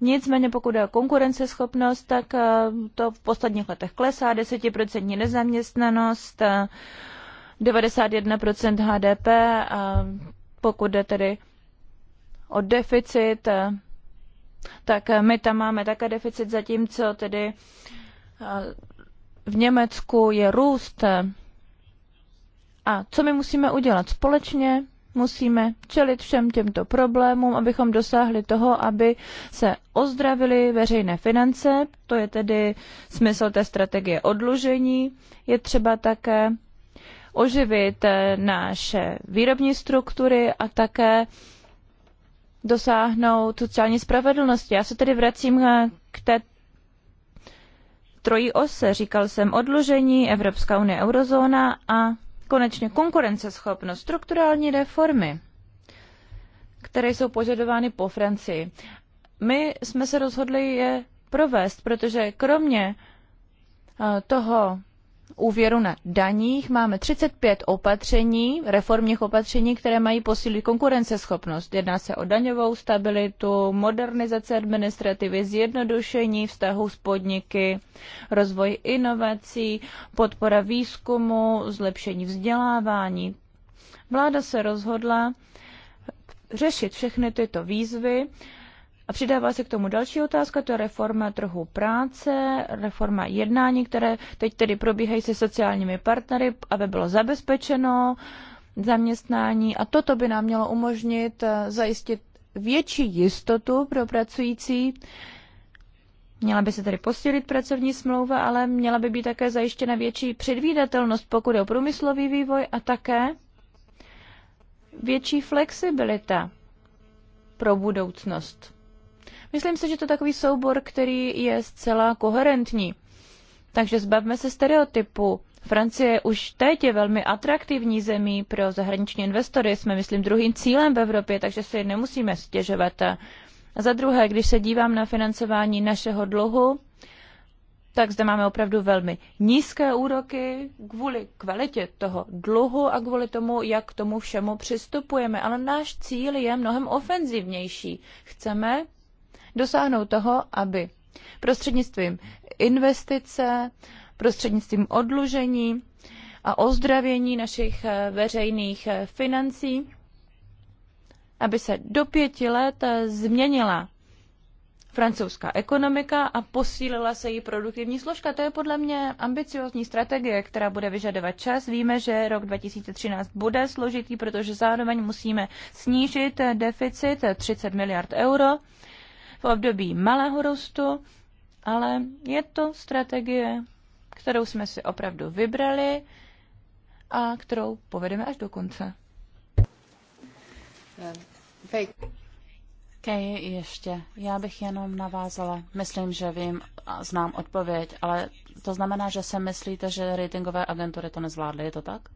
Nicméně pokud je konkurenceschopnost, tak eh, to v posledních letech klesá, desetiprocentní nezaměstnanost, 91% HDP a pokud jde tedy o deficit, eh, tak eh, my tam máme také deficit, zatímco tedy eh, v Německu je růst. A co my musíme udělat společně? Musíme čelit všem těmto problémům, abychom dosáhli toho, aby se ozdravily veřejné finance. To je tedy smysl té strategie odlužení. Je třeba také oživit eh, naše výrobní struktury a také dosáhnout sociální spravedlnosti. Já se tedy vracím eh, k té trojí ose. Říkal jsem odlužení, Evropská unie, eurozóna a konečně konkurenceschopnost, strukturální reformy, které jsou požadovány po Francii. My jsme se rozhodli je provést, protože kromě eh, toho úvěru na daních máme 35 opatření, reformních opatření, které mají posílit konkurenceschopnost. Jedná se o daňovou stabilitu, modernizaci administrativy, zjednodušení vztahu s podniky, rozvoj inovací, podpora výzkumu, zlepšení vzdělávání. Vláda se rozhodla řešit všechny tyto výzvy a přidává se k tomu další otázka, to je reforma trhu práce, reforma jednání, které teď tedy probíhají se sociálními partnery, aby bylo zabezpečeno zaměstnání a toto by nám mělo umožnit eh, zajistit větší jistotu pro pracující. Měla by se tedy posílit pracovní smlouva, ale měla by být také zajištěna větší předvídatelnost, pokud je o průmyslový vývoj a také větší flexibilita pro budoucnost. Myslím si, že to je takový soubor, který je zcela koherentní. Takže zbavme se stereotypu. Francie už teď je velmi atraktivní zemí pro zahraniční investory. Jsme, myslím, druhým cílem v Evropě, takže si nemusíme stěžovat. A za druhé, když se dívám na financování našeho dluhu, tak zde máme opravdu velmi nízké úroky kvůli kvalitě toho dluhu a kvůli tomu, jak k tomu všemu přistupujeme. Ale náš cíl je mnohem ofenzivnější. Chceme dosáhnout toho, aby prostřednictvím investice, prostřednictvím odlužení a ozdravění našich eh, veřejných eh, financí, aby se do pěti let eh, změnila francouzská ekonomika a posílila se její produktivní složka. To je podle mě ambiciozní strategie, která bude vyžadovat čas. Víme, že rok 2013 bude složitý, protože zároveň musíme snížit deficit 30 miliard euro v období malého růstu, ale je to strategie, kterou jsme si opravdu vybrali a kterou povedeme až do konce. Kej, ještě. Já bych jenom navázala. Myslím, že vím a znám odpověď, ale to znamená, že se myslíte, že ratingové agentury to nezvládly, je to tak?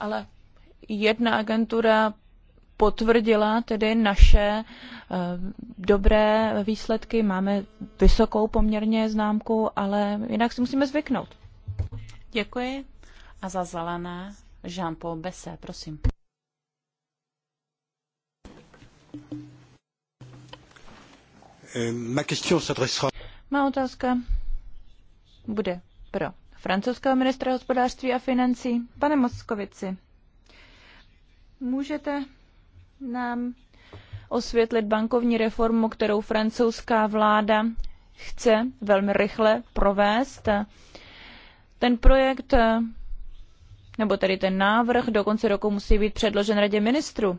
Ale jedna agentura potvrdila tedy naše eh, dobré výsledky. Máme vysokou poměrně známku, ale jinak si musíme zvyknout. Děkuji. A za zelené Jean-Paul Besse, prosím. Eh, Má otázka bude pro francouzského ministra hospodářství a financí. Pane Moskovici, Můžete nám osvětlit bankovní reformu, kterou francouzská vláda chce velmi rychle provést. Ten projekt, nebo tedy ten návrh, do konce roku musí být předložen Radě ministru.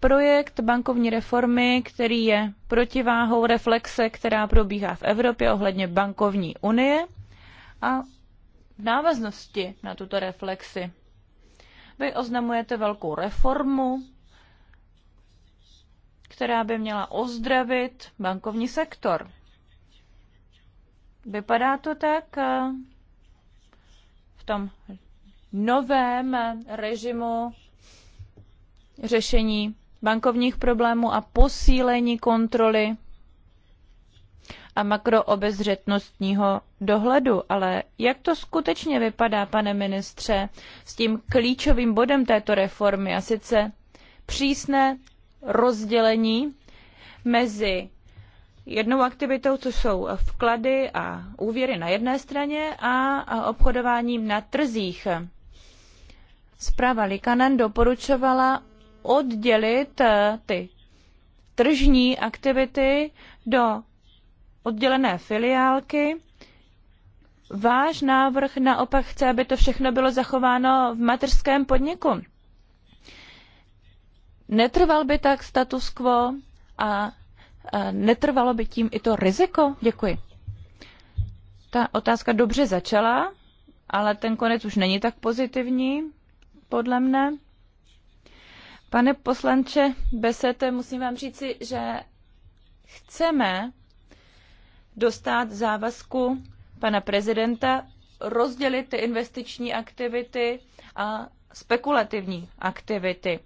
Projekt bankovní reformy, který je protiváhou reflexe, která probíhá v Evropě ohledně bankovní unie a návaznosti na tuto reflexi. Vy oznamujete velkou reformu, která by měla ozdravit bankovní sektor. Vypadá to tak eh, v tom novém režimu řešení bankovních problémů a posílení kontroly a makroobezřetnostního dohledu. Ale jak to skutečně vypadá, pane ministře, s tím klíčovým bodem této reformy a sice přísné rozdělení mezi jednou aktivitou, co jsou vklady a úvěry na jedné straně a obchodováním na trzích. Zpráva Likanen doporučovala oddělit eh, ty tržní aktivity do oddělené filiálky. Váš návrh naopak chce, aby to všechno bylo zachováno v mateřském podniku. Netrval by tak status quo a netrvalo by tím i to riziko? Děkuji. Ta otázka dobře začala, ale ten konec už není tak pozitivní, podle mne. Pane poslanče Besete, musím vám říci, že chceme dostat závazku pana prezidenta rozdělit ty investiční aktivity a spekulativní aktivity.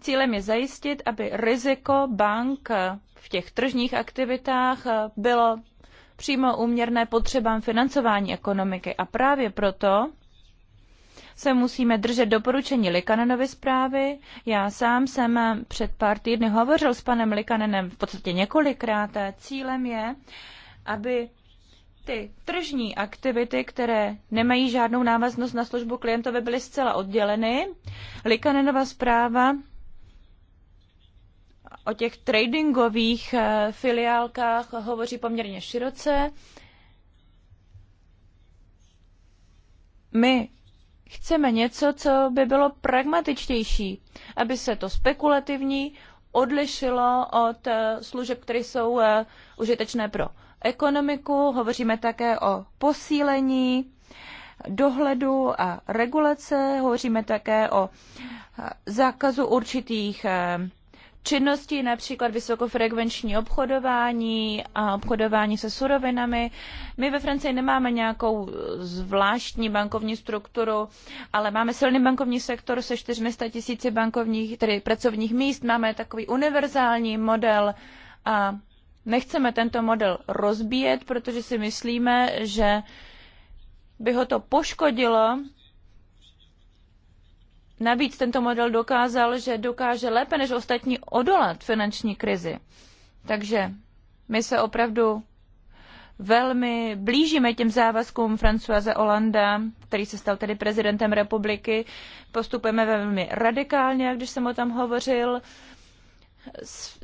Cílem je zajistit, aby riziko bank v těch tržních aktivitách bylo přímo úměrné potřebám financování ekonomiky. A právě proto se musíme držet doporučení Likanenovy zprávy. Já sám jsem před pár týdny hovořil s panem Likanenem v podstatě několikrát. Cílem je, aby ty tržní aktivity, které nemají žádnou návaznost na službu klientovi, byly zcela odděleny. Likanenova zpráva o těch tradingových eh, filiálkách hovoří poměrně široce. My chceme něco, co by bylo pragmatičtější, aby se to spekulativní odlišilo od eh, služeb, které jsou eh, užitečné pro ekonomiku, hovoříme také o posílení dohledu a regulace, hovoříme také o zákazu určitých eh, činností například vysokofrekvenční obchodování a obchodování se surovinami. My ve Francii nemáme nějakou zvláštní bankovní strukturu, ale máme silný bankovní sektor se 400 tisíci bankovních, tedy pracovních míst, máme takový univerzální model a Nechceme tento model rozbíjet, protože si myslíme, že by ho to poškodilo. Navíc tento model dokázal, že dokáže lépe než ostatní odolat finanční krizi. Takže my se opravdu velmi blížíme těm závazkům Françoise Olanda, který se stal tedy prezidentem republiky. Postupujeme velmi radikálně, když jsem o tom hovořil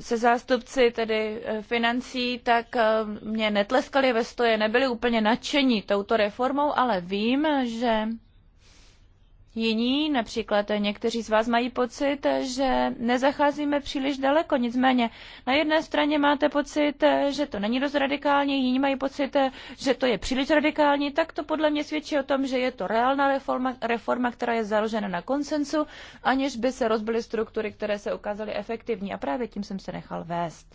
se zástupci tedy eh, financí, tak eh, mě netleskali ve stoje, nebyli úplně nadšení touto reformou, ale vím, že jiní, například někteří z vás mají pocit, že nezacházíme příliš daleko. Nicméně na jedné straně máte pocit, že to není dost radikální, jiní mají pocit, že to je příliš radikální, tak to podle mě svědčí o tom, že je to reálná reforma, reforma která je založena na konsensu, aniž by se rozbily struktury, které se ukázaly efektivní. A právě tím jsem se nechal vést.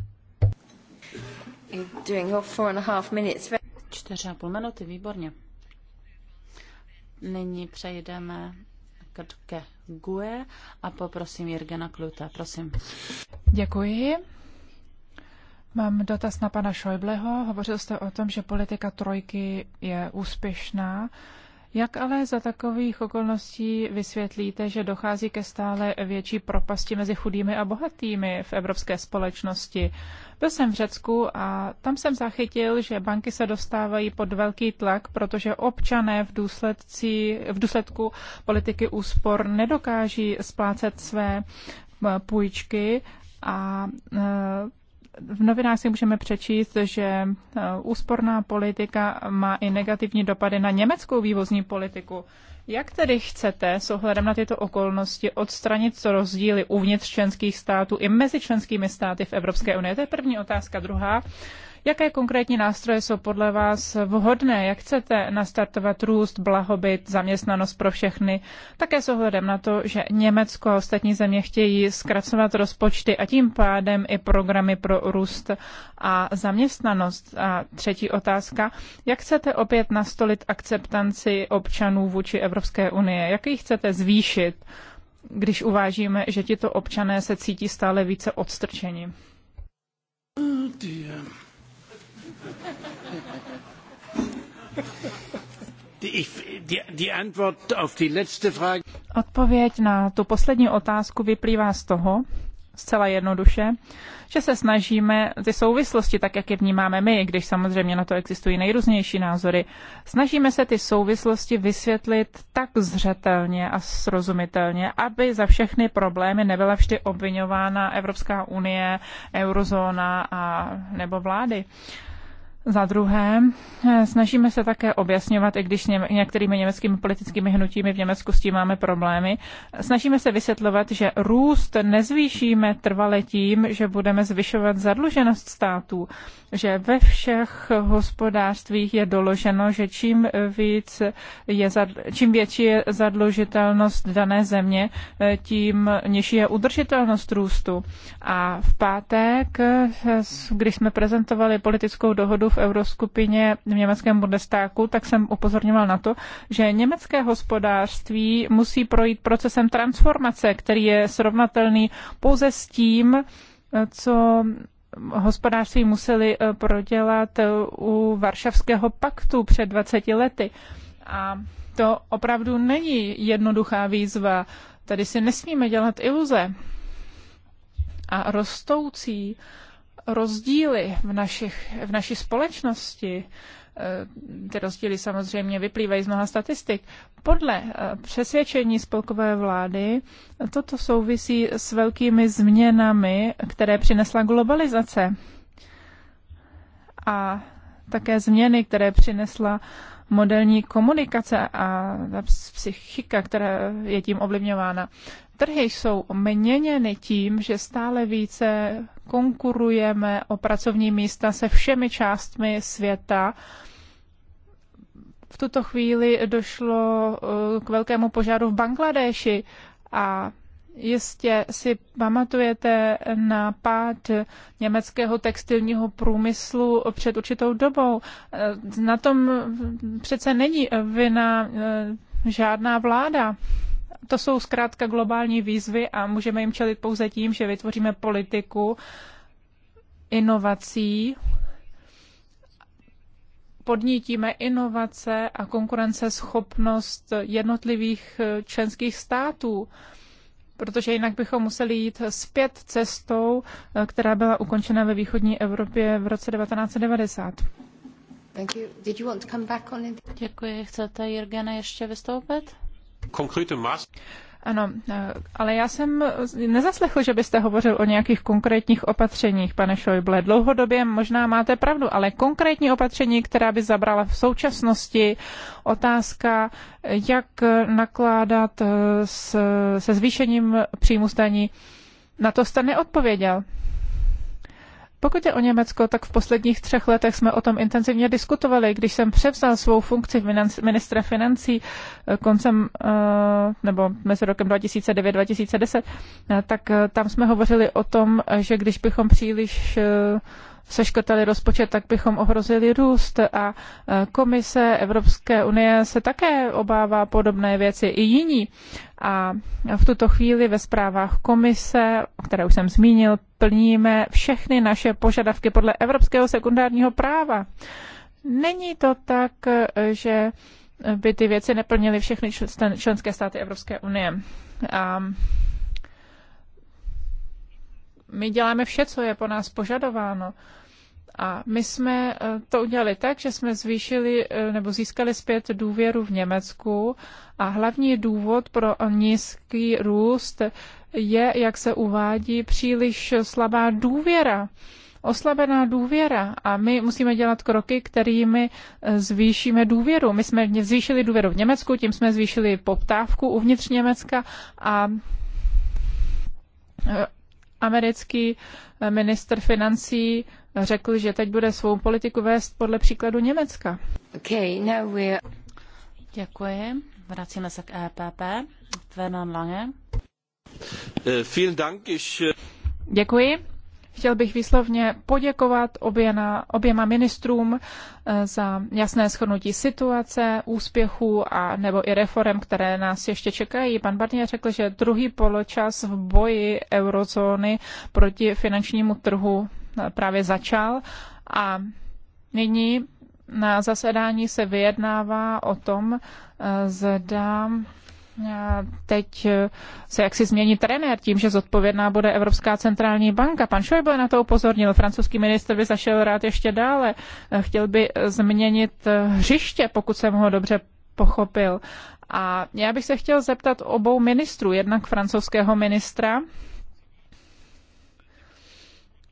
Čtyři a půl minuty, výborně. Nyní přejdeme Krtke Gue a poprosím Jirgena Kluta. Prosím. Děkuji. Mám dotaz na pana Šojbleho. Hovořil jste o tom, že politika trojky je úspěšná. Jak ale za takových okolností vysvětlíte, že dochází ke stále větší propasti mezi chudými a bohatými v evropské společnosti? Byl jsem v Řecku a tam jsem zachytil, že banky se dostávají pod velký tlak, protože občané v, důsledci, v důsledku politiky úspor nedokáží splácet své půjčky a e, v novinách si můžeme přečíst, že eh, úsporná politika má i negativní dopady na německou vývozní politiku. Jak tedy chcete s ohledem na tyto okolnosti odstranit co rozdíly uvnitř členských států i mezi členskými státy v Evropské unii? To je první otázka. Druhá, Jaké konkrétní nástroje jsou podle vás vhodné? Jak chcete nastartovat růst, blahobyt, zaměstnanost pro všechny? Také s ohledem na to, že Německo a ostatní země chtějí zkracovat rozpočty a tím pádem i programy pro růst a zaměstnanost. A třetí otázka, jak chcete opět nastolit akceptanci občanů vůči Evropské unie? Jak ji chcete zvýšit? když uvážíme, že tito občané se cítí stále více odstrčeni. Oh Odpověď na tu poslední otázku vyplývá z toho, zcela jednoduše, že se snažíme ty souvislosti, tak jak je vnímáme my, když samozřejmě na to existují nejrůznější názory, snažíme se ty souvislosti vysvětlit tak zřetelně a srozumitelně, aby za všechny problémy nebyla vždy obvinována Evropská unie, eurozóna a nebo vlády. Uh, za druhé, eh, snažíme se také objasňovat, i když s některými německými politickými hnutími v Německu s tím máme problémy, snažíme se vysvětlovat, že růst nezvýšíme trvale tím, že budeme zvyšovat zadluženost států, že ve všech hospodářstvích je doloženo, že čím, víc je, čím větší je zadlužitelnost dané země, eh, tím nižší je udržitelnost růstu. A v pátek, eh, když jsme prezentovali politickou dohodu v euroskupině v německém Bundestagu, tak jsem upozorňoval na to, že německé hospodářství musí projít procesem transformace, který je srovnatelný pouze s tím, co hospodářství museli eh, prodělat eh, u Varšavského paktu před 20 lety. A to opravdu není jednoduchá výzva. Tady si nesmíme dělat iluze. A rostoucí uh, rozdíly v, našich, v naší společnosti. Eh, ty rozdíly samozřejmě vyplývají z mnoha statistik. Podle eh, přesvědčení spolkové vlády toto souvisí s velkými změnami, které přinesla globalizace a také změny, které přinesla moderní komunikace a psychika, která je tím ovlivňována. Trhy jsou měněny tím, že stále více konkurujeme o pracovní místa se všemi částmi světa. V tuto chvíli došlo eh, k velkému požáru v Bangladeši a Jistě si pamatujete na pád německého textilního průmyslu před určitou dobou. Eh, na tom přece není vina eh, žádná vláda. To jsou zkrátka globální výzvy a můžeme jim čelit pouze tím, že vytvoříme politiku inovací, podnítíme inovace a konkurenceschopnost jednotlivých eh, členských států, protože jinak bychom museli jít zpět cestou, eh, která byla ukončena ve východní Evropě v roce 1990. Thank you. Did you want to come back on Děkuji. Chcete, Jirgena, ještě vystoupit? Konkrétní ano, eh, ale já jsem nezaslechl, že byste hovořil o nějakých konkrétních opatřeních, pane Šojble. Dlouhodobě možná máte pravdu, ale konkrétní opatření, která by zabrala v současnosti otázka, jak nakládat eh, s, se zvýšením příjmu staní, na to jste neodpověděl. Pokud je o Německo, tak v posledních třech letech jsme o tom intenzivně diskutovali. Když jsem převzal svou funkci ministra financí eh, koncem eh, nebo mezi rokem 2009-2010, eh, tak tam jsme hovořili o tom, že když bychom příliš seškrtali rozpočet, tak bychom ohrozili růst a e, komise Evropské unie se také obává podobné věci i jiní. A v tuto chvíli ve zprávách komise, které už jsem zmínil, plníme všechny naše požadavky podle evropského sekundárního práva. Není to tak, že by ty věci neplnily všechny členské státy Evropské unie. A my děláme vše, co je po nás požadováno. A my jsme eh, to udělali tak, že jsme zvýšili eh, nebo získali zpět důvěru v Německu a hlavní důvod pro nízký růst je, jak se uvádí, příliš slabá důvěra oslabená důvěra a my musíme dělat kroky, kterými eh, zvýšíme důvěru. My jsme zvýšili důvěru v Německu, tím jsme zvýšili poptávku uvnitř Německa a americký minister financí řekl, že teď bude svou politiku vést podle příkladu Německa. Okay, now we're... Děkuji. Vracíme se k EPP. Fernand Lange. Eh, vielen Dank. Ich... Eh, Děkuji. Chtěl bych výslovně poděkovat oběna, oběma ministrům eh, za jasné shodnutí situace, úspěchů a nebo i reform, které nás ještě čekají. Pan Barnier řekl, že druhý poločas v boji eurozóny proti finančnímu trhu právě začal a nyní na zasedání se vyjednává o tom, eh, zda eh, teď se jaksi změní trenér tím, že zodpovědná bude Evropská centrální banka. Pan Schäuble na to upozornil, francouzský minister by zašel rád ještě dále. Eh, chtěl by změnit hřiště, pokud jsem ho dobře pochopil. A já bych se chtěl zeptat obou ministrů, jednak francouzského ministra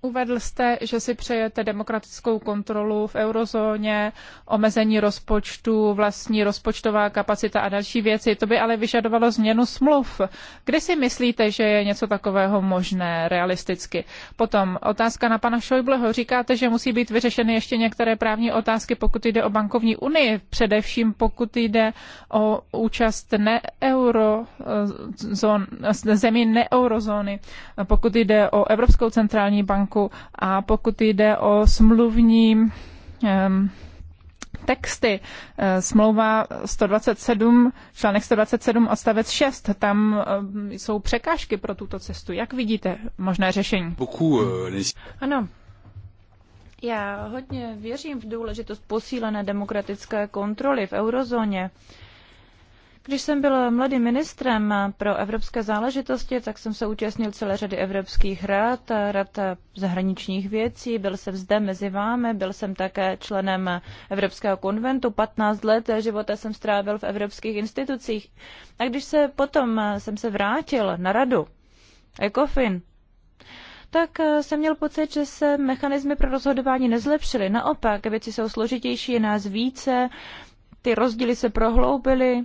Uvedl jste, že si přejete demokratickou kontrolu v eurozóně, omezení rozpočtu, vlastní rozpočtová kapacita a další věci. To by ale vyžadovalo změnu smluv. Kdy si myslíte, že je něco takového možné realisticky? Potom otázka na pana Šojbleho. Říkáte, že musí být vyřešeny ještě některé právní otázky, pokud jde o bankovní unii, především pokud jde o účast neeurozón, eh, zemí neeurozóny, pokud jde o Evropskou centrální banku jazyku. A pokud jde o smluvní texty. Eh, smlouva 127, článek 127, odstavec 6, tam eh, jsou překážky pro tuto cestu. Jak vidíte možné řešení? Eh, ano. Já hodně věřím v důležitost posílené demokratické kontroly v eurozóně. Když jsem byl mladým ministrem pro evropské záležitosti, tak jsem se účastnil celé řady evropských rad, rad zahraničních věcí, byl jsem zde mezi vámi, byl jsem také členem Evropského konventu, 15 let života jsem strávil v evropských institucích. A když se potom jsem se vrátil na radu, ECOFIN, tak jsem měl pocit, že se mechanismy pro rozhodování nezlepšily. Naopak, věci jsou složitější, je nás více, ty rozdíly se prohloubily,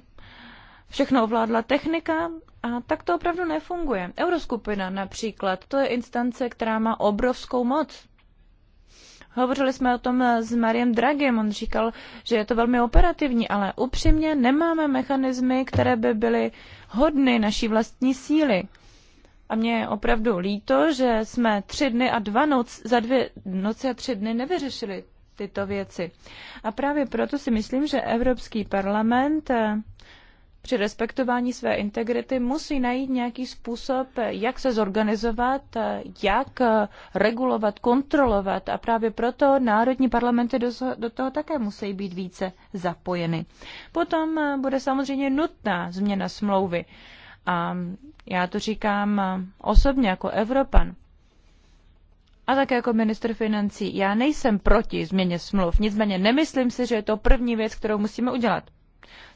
všechno ovládla technika a tak to opravdu nefunguje. Euroskupina například, to je instance, která má obrovskou moc. Hovořili jsme o tom s Mariem Dragem, on říkal, že je to velmi operativní, ale upřímně nemáme mechanismy, které by byly hodny naší vlastní síly. A mě je opravdu líto, že jsme tři dny a dva noc, za dvě noci a tři dny nevyřešili tyto věci. A právě proto si myslím, že Evropský parlament eh, při respektování své integrity musí najít nějaký způsob, jak se zorganizovat, jak regulovat, kontrolovat a právě proto národní parlamenty do, toho také musí být více zapojeny. Potom bude samozřejmě nutná změna smlouvy. A já to říkám osobně jako Evropan. A také jako minister financí, já nejsem proti změně smluv, nicméně nemyslím si, že je to první věc, kterou musíme udělat.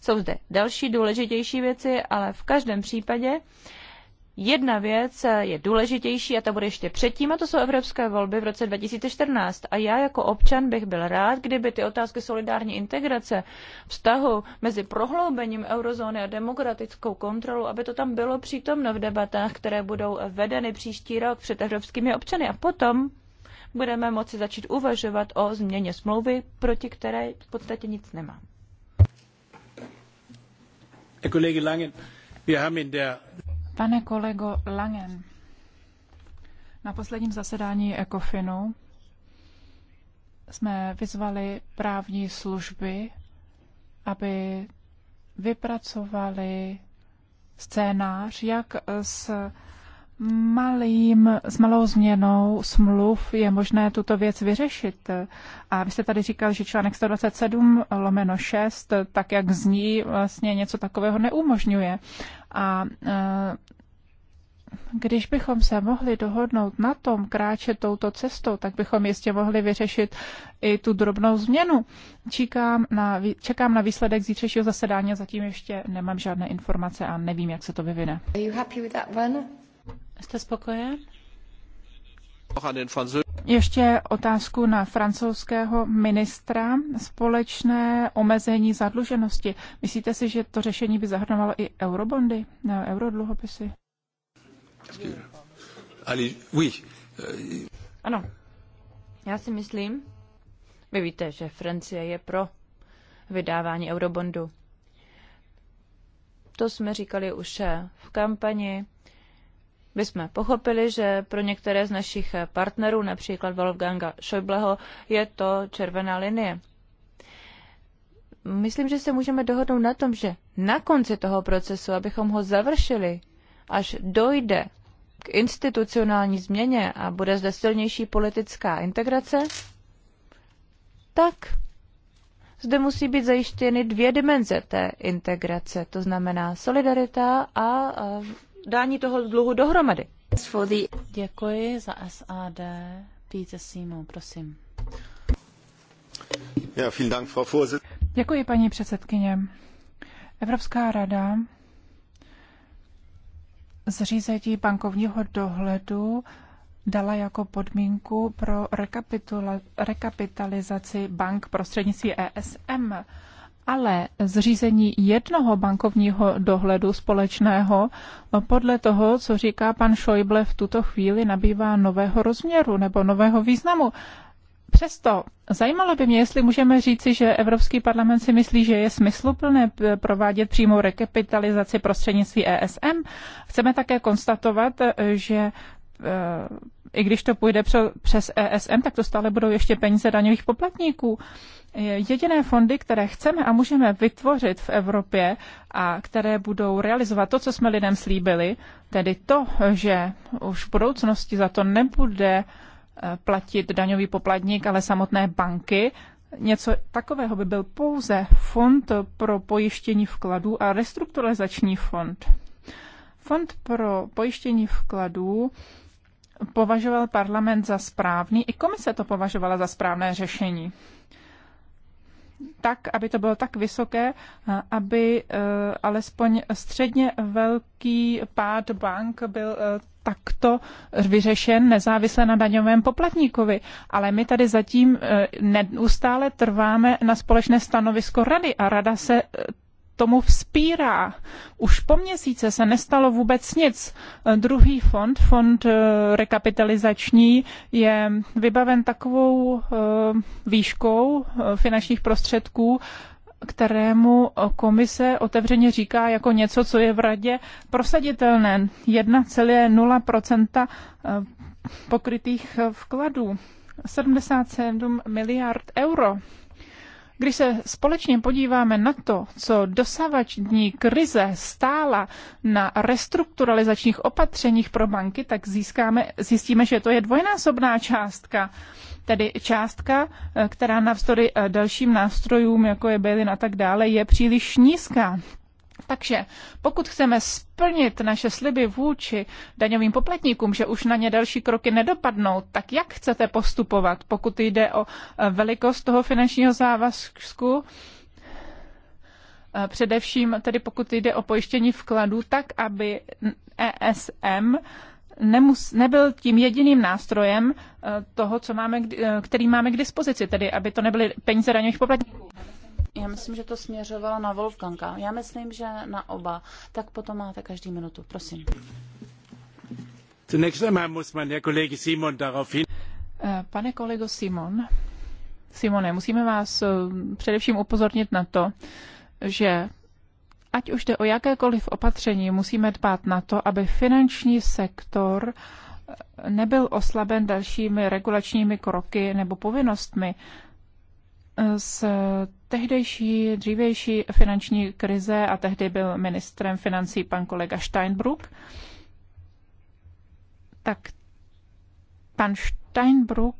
Jsou zde další důležitější věci, ale v každém případě jedna věc je důležitější a ta bude ještě předtím, a to jsou evropské volby v roce 2014. A já jako občan bych byl rád, kdyby ty otázky solidární integrace, vztahu mezi prohloubením eurozóny a demokratickou kontrolu, aby to tam bylo přítomno v debatách, které budou vedeny příští rok před evropskými občany. A potom budeme moci začít uvažovat o změně smlouvy, proti které v podstatě nic nemám. Langen, Pane kolego Langen, na posledním zasedání Ecofinu jsme vyzvali právní služby, aby vypracovali scénář, jak s malým, s malou změnou smluv je možné tuto věc vyřešit. A vy jste tady říkal, že článek 127 lomeno 6, tak jak zní, vlastně něco takového neumožňuje. A eh, když bychom se mohli dohodnout na tom kráčet touto cestou, tak bychom jistě mohli vyřešit i tu drobnou změnu. Čekám na, čekám na výsledek zítřejšího zasedání, zatím ještě nemám žádné informace a nevím, jak se to vyvine. Are you happy with that one? Jste spokojen? Ještě otázku na francouzského ministra. Společné omezení zadluženosti. Myslíte si, že to řešení by zahrnovalo i eurobondy, ne, eurodluhopisy? Ano, já si myslím, vy víte, že Francie je pro vydávání eurobondu. To jsme říkali už v kampani by jsme pochopili, že pro některé z našich partnerů, například Wolfganga Schäubleho, je to červená linie. Myslím, že se můžeme dohodnout na tom, že na konci toho procesu, abychom ho završili, až dojde k institucionální změně a bude zde silnější politická integrace, tak zde musí být zajištěny dvě dimenze té integrace, to znamená solidarita a dání toho dluhu dohromady. Děkuji za SAD. si Simo, prosím. Ja, vielen Dank, Frau Děkuji, paní předsedkyně. Evropská rada zřízení bankovního dohledu dala jako podmínku pro rekapitalizaci bank prostřednictví ESM ale zřízení jednoho bankovního dohledu společného no, podle toho, co říká pan Schäuble, v tuto chvíli nabývá nového rozměru nebo nového významu. Přesto zajímalo by mě, jestli můžeme říci, že Evropský parlament si myslí, že je smysluplné provádět přímou rekapitalizaci prostřednictví ESM. Chceme také konstatovat, že i když to půjde přes ESM, tak to stále budou ještě peníze daňových poplatníků. Jediné fondy, které chceme a můžeme vytvořit v Evropě a které budou realizovat to, co jsme lidem slíbili, tedy to, že už v budoucnosti za to nebude eh, platit daňový poplatník, ale samotné banky, Něco takového by byl pouze fond pro pojištění vkladů a restrukturalizační fond. Fond pro pojištění vkladů považoval parlament za správný, i komise to považovala za správné řešení. Tak, aby to bylo tak vysoké, aby e, alespoň středně velký pád bank byl e, takto vyřešen nezávisle na daňovém poplatníkovi. Ale my tady zatím e, neustále trváme na společné stanovisko rady a rada se tomu vzpírá. Už po měsíce se nestalo vůbec nic. Druhý fond, fond eh, rekapitalizační, je vybaven takovou eh, výškou eh, finančních prostředků, kterému komise otevřeně říká jako něco, co je v radě prosaditelné. 1,0 pokrytých vkladů. 77 miliard euro. Když se společně podíváme na to, co dosavační krize stála na restrukturalizačních opatřeních pro banky, tak získáme, zjistíme, že to je dvojnásobná částka. Tedy částka, eh, která navzdory eh, dalším nástrojům, jako je Bailin a tak dále, je příliš nízká. Takže pokud chceme splnit naše sliby vůči daňovým poplatníkům, že už na ně další kroky nedopadnou, tak jak chcete postupovat, pokud jde o eh, velikost toho finančního závazku? Eh, především tedy pokud jde o pojištění vkladů, tak aby ESM nemus, nebyl tím jediným nástrojem eh, toho, co máme, který máme k dispozici, tedy aby to nebyly peníze daňových poplatníků. Já myslím, že to směřovalo na Wolfganga. Já myslím, že na oba. Tak potom máte každý minutu. Prosím. Zunächst einmal muss man Herr Kollege Simon darauf hin. Eh, pane kolego Simon, Simone, musíme vás eh, především upozornit na to, že ať už jde o jakékoliv opatření, musíme dbát na to, aby finanční sektor eh, nebyl oslaben dalšími regulačními kroky nebo povinnostmi. Z tehdejší, dřívejší finanční krize a tehdy byl ministrem financí pan kolega Steinbrück, tak pan Steinbrück,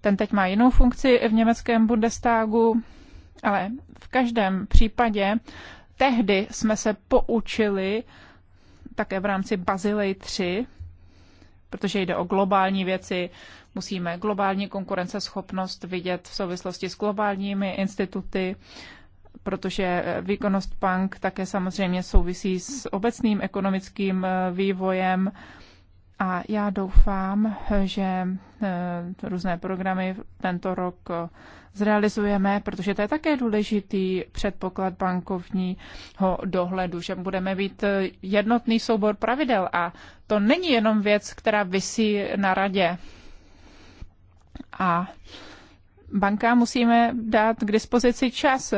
ten teď má jinou funkci v německém Bundestagu, ale v každém případě tehdy jsme se poučili také v rámci Bazilej 3, protože jde o globální věci, musíme globální konkurenceschopnost vidět v souvislosti s globálními instituty, protože výkonnost bank také samozřejmě souvisí s obecným ekonomickým vývojem a já doufám, že eh, různé programy tento rok eh, zrealizujeme, protože to je také důležitý předpoklad bankovního dohledu, že budeme mít eh, jednotný soubor pravidel. A to není jenom věc, která vysí na radě. A banka musíme dát k dispozici čas.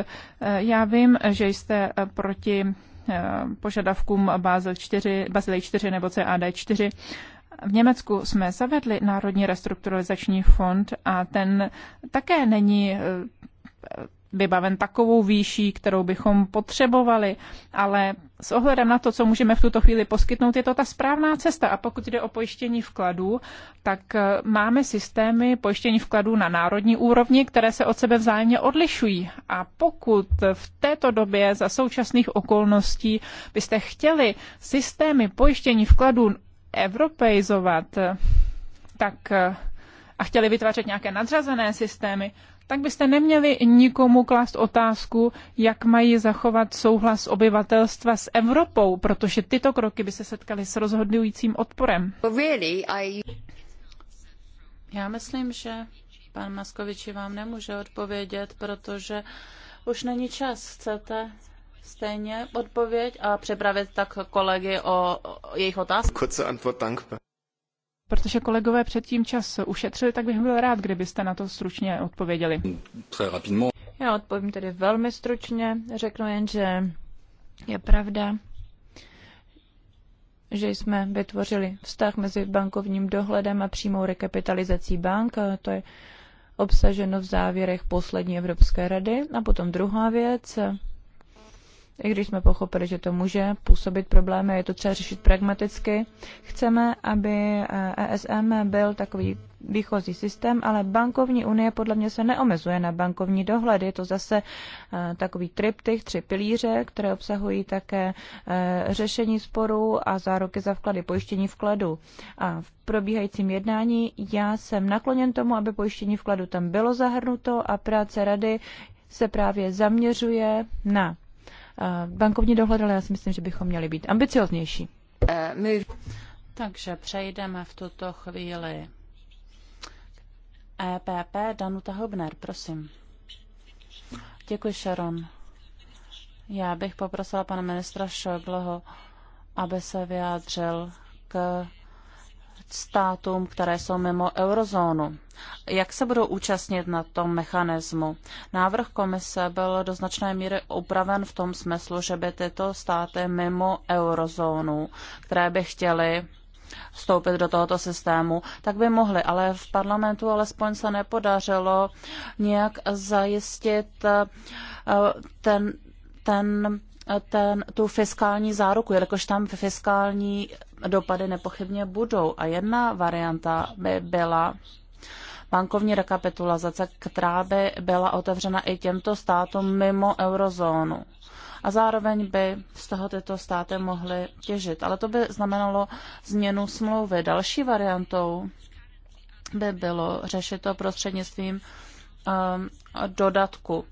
Já vím, že jste proti Eh, požadavkům Basel 4, Basel 4 nebo CAD 4. V Německu jsme zavedli Národní restrukturalizační fond a ten také není eh, vybaven takovou výší, kterou bychom potřebovali, ale s ohledem na to, co můžeme v tuto chvíli poskytnout, je to ta správná cesta. A pokud jde o pojištění vkladů, tak eh, máme systémy pojištění vkladů na národní úrovni, které se od sebe vzájemně odlišují. A pokud v této době za současných okolností byste chtěli systémy pojištění vkladů evropeizovat, eh, tak eh, a chtěli vytvářet nějaké nadřazené systémy, tak byste neměli nikomu klást otázku, jak mají zachovat souhlas obyvatelstva s Evropou, protože tyto kroky by se setkaly s rozhodujícím odporem. Já myslím, že pan Maskoviči vám nemůže odpovědět, protože už není čas. Chcete stejně odpověď a připravit tak kolegy o, jejich otázku? Kurze antwort dankbar protože kolegové předtím čas ušetřili, tak bych byl rád, kdybyste na to stručně odpověděli. Já odpovím tedy velmi stručně. Řeknu jen, že je pravda, že jsme vytvořili vztah mezi bankovním dohledem a přímou rekapitalizací bank. To je obsaženo v závěrech poslední Evropské rady. A potom druhá věc, i když jsme pochopili, že to může působit problémy, je to třeba řešit pragmaticky. Chceme, aby ESM eh, e byl takový výchozí systém, ale bankovní unie podle mě se neomezuje na bankovní dohled. Je to zase eh, takový triptych, tři pilíře, které obsahují také eh, řešení sporů a záruky za vklady, pojištění vkladu. A v probíhajícím jednání já jsem nakloněn tomu, aby pojištění vkladu tam bylo zahrnuto a práce rady se právě zaměřuje na Eh, bankovní dohled, ale já si myslím, že bychom měli být ambicioznější. Takže přejdeme v tuto chvíli EPP Danuta Hobner, prosím. Děkuji, Sharon. Já bych poprosila pana ministra Šobloho, aby se vyjádřil k státům, které jsou mimo eurozónu. Jak se budou účastnit na tom mechanismu? Návrh komise byl do značné míry upraven v tom smyslu, že by tyto státy mimo eurozónu, které by chtěly vstoupit do tohoto systému, tak by mohli, ale v parlamentu alespoň se nepodařilo nějak zajistit eh, ten, ten ten, tu fiskální záruku, jelikož tam fiskální dopady nepochybně budou. A jedna varianta by byla bankovní rekapitulace, která by byla otevřena i těmto státům mimo eurozónu. A zároveň by z toho tyto státy mohly těžit. Ale to by znamenalo změnu smlouvy. Další variantou by bylo řešit to prostřednictvím um, dodatku.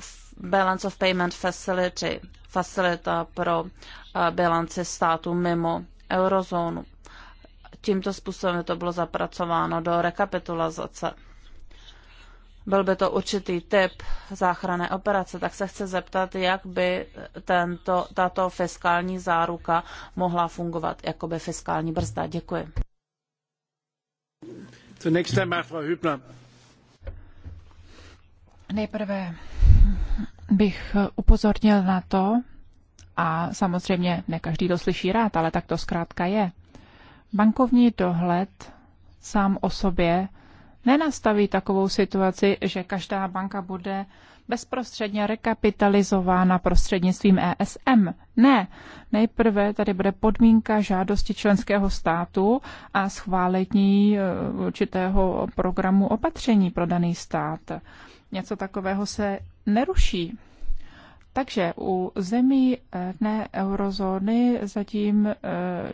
V Balance of Payment Facility, facilita pro eh, bilanci států mimo eurozónu. Tímto způsobem to bylo zapracováno do rekapitulace. Byl by to určitý typ záchranné operace, tak se chci zeptat, jak by tento, tato fiskální záruka mohla fungovat jako by fiskální brzda. Děkuji. Zunächst einmal, Frau Hübner. Nejprve bych upozornil na to, a samozřejmě ne každý to slyší rád, ale tak to zkrátka je. Bankovní dohled sám o sobě nenastaví takovou situaci, že každá banka bude bezprostředně rekapitalizována prostřednictvím ESM. Ne, nejprve tady bude podmínka žádosti členského státu a schválení eh, určitého programu opatření pro daný stát něco takového se neruší. Takže u zemí eh, dne eurozóny zatím eh,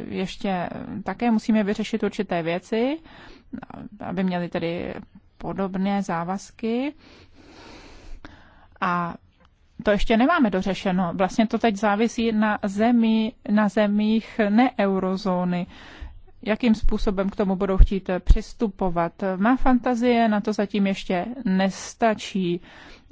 ještě také musíme vyřešit určité věci, aby měli tedy podobné závazky. A to ještě nemáme dořešeno. Vlastně to teď závisí na, zemi, na zemích neeurozóny. eurozóny jakým způsobem k tomu budou chtít přistupovat. Má fantazie na to zatím ještě nestačí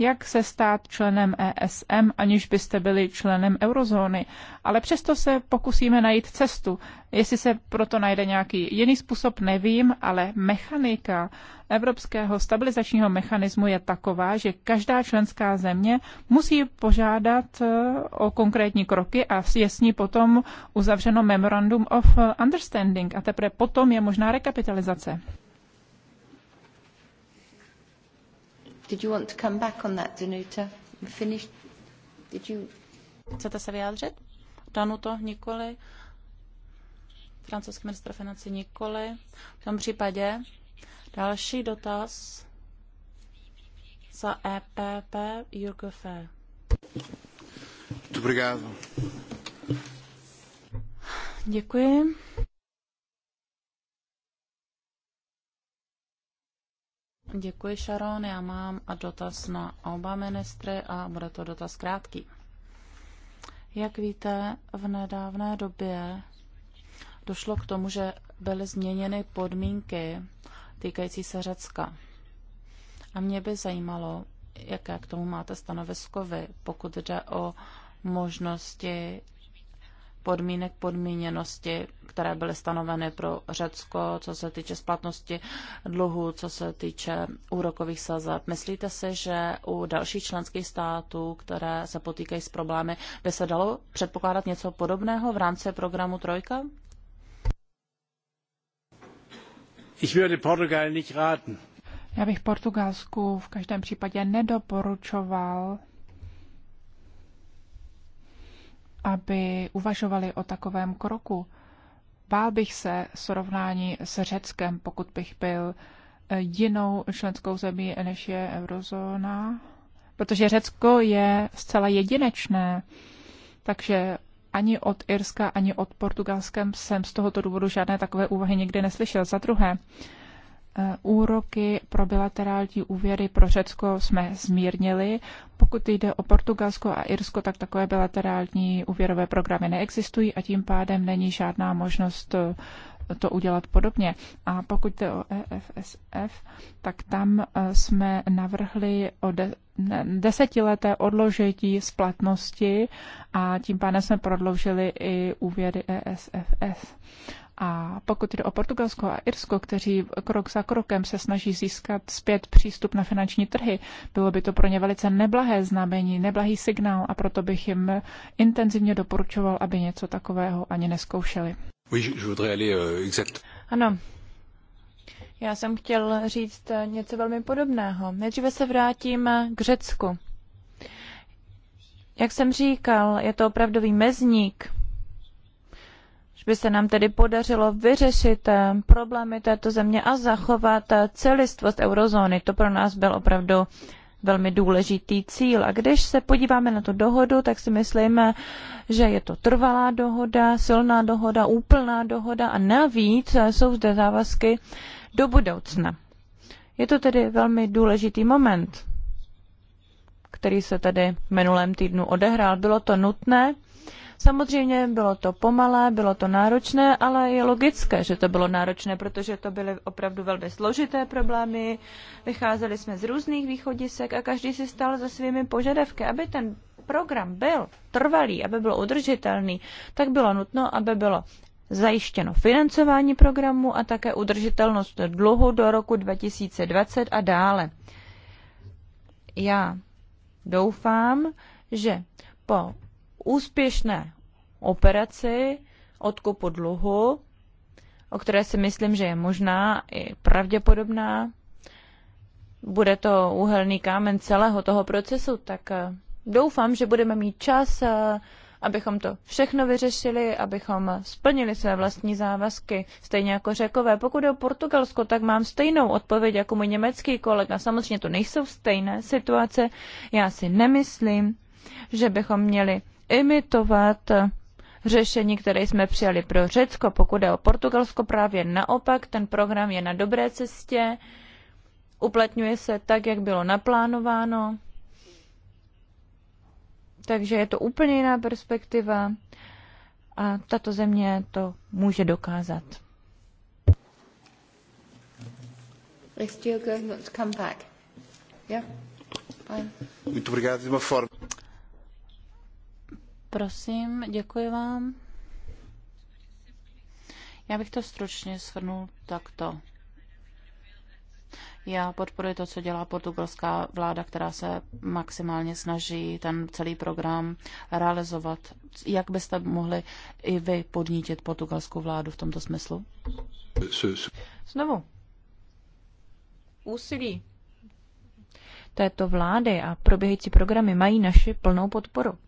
jak se stát členem ESM, aniž byste byli členem eurozóny. Ale přesto se pokusíme najít cestu. Jestli se proto najde nějaký jiný způsob, nevím, ale mechanika evropského stabilizačního mechanismu je taková, že každá členská země musí požádat eh, o konkrétní kroky a je s ní potom uzavřeno Memorandum of Understanding a teprve potom je možná rekapitalizace. Did you want to come back on that, Danuta? Finished? Did you... Chcete se vyjádřit? Danuto, nikoli. Francouzský ministr financí nikoli. V tom případě další dotaz za EPP Jurgo Děkuji. Děkuji, Sharon. Já mám a dotaz na oba ministry a bude to dotaz krátký. Jak víte, v nedávné době došlo k tomu, že byly změněny podmínky týkající se Řecka. A mě by zajímalo, jaké k tomu máte stanovisko vy, pokud jde o možnosti podmínek podmíněnosti, které byly stanoveny pro Řecko, co se týče splatnosti dluhu, co se týče úrokových sazeb. Myslíte si, že u dalších členských států, které se potýkají s problémy, by se dalo předpokládat něco podobného v rámci programu Trojka? Ich würde Portugal nicht raten. Já bych Portugalsku v každém případě nedoporučoval aby uvažovali o takovém kroku. Bál bych se srovnání s Řeckem, pokud bych byl eh, jinou členskou zemí, než je eurozóna, protože Řecko je zcela jedinečné, takže ani od Irska, ani od Portugalskem jsem z tohoto důvodu žádné takové úvahy nikdy neslyšel. Za druhé, Eh, úroky pro bilaterální úvěry pro Řecko jsme zmírnili. Pokud jde o Portugalsko a Irsko, tak takové bilaterální úvěrové programy neexistují a tím pádem není žádná možnost eh, to udělat podobně. A pokud jde o EFSF, tak tam eh, jsme navrhli o de- desetileté odložení splatnosti a tím pádem jsme prodloužili i úvěry ESFS. A pokud jde o Portugalsko a Irsko, kteří krok za krokem se snaží získat zpět přístup na finanční trhy, bylo by to pro ně velice neblahé znamení, neblahý signál a proto bych jim intenzivně doporučoval, aby něco takového ani neskoušeli. Euh, ano, já jsem chtěl říct eh, něco velmi podobného. Nejdříve se vrátím eh, k Řecku. Jak jsem říkal, je to opravdový mezník že by se nám tedy podařilo vyřešit eh, problémy této země a zachovat eh, celistvost eurozóny. To pro nás byl opravdu velmi důležitý cíl. A když se podíváme na tu dohodu, tak si myslíme, že je to trvalá dohoda, silná dohoda, úplná dohoda a navíc eh, jsou zde závazky do budoucna. Je to tedy velmi důležitý moment, který se tady v minulém týdnu odehrál. Bylo to nutné, Samozřejmě bylo to pomalé, bylo to náročné, ale je logické, že to bylo náročné, protože to byly opravdu velmi složité problémy. Vycházeli jsme z různých východisek a každý si stal za svými požadavky, aby ten program byl trvalý, aby byl udržitelný, tak bylo nutno, aby bylo zajištěno financování programu a také udržitelnost dluhu do roku 2020 a dále. Já doufám, že po úspěšné operaci odkupu dluhu, o které si myslím, že je možná i pravděpodobná. Bude to úhelný kámen celého toho procesu, tak eh, doufám, že budeme mít čas, eh, abychom to všechno vyřešili, abychom splnili své vlastní závazky, stejně jako řekové. Pokud je o Portugalsko, tak mám stejnou odpověď jako můj německý kolega. Samozřejmě to nejsou stejné situace. Já si nemyslím, že bychom měli imitovat řešení, které jsme přijali pro Řecko. Pokud je o Portugalsko, právě naopak, ten program je na dobré cestě, uplatňuje se tak, jak bylo naplánováno, takže je to úplně jiná perspektiva a tato země to může dokázat. Muito obrigado de uma forma. Prosím, děkuji vám. Já bych to stručně shrnul takto. Já podporuji to, co dělá portugalská vláda, která se maximálně snaží ten celý program realizovat. Jak byste mohli i vy podnítit portugalskou vládu v tomto smyslu? Znovu. Úsilí této vlády a proběhající programy mají naši plnou podporu.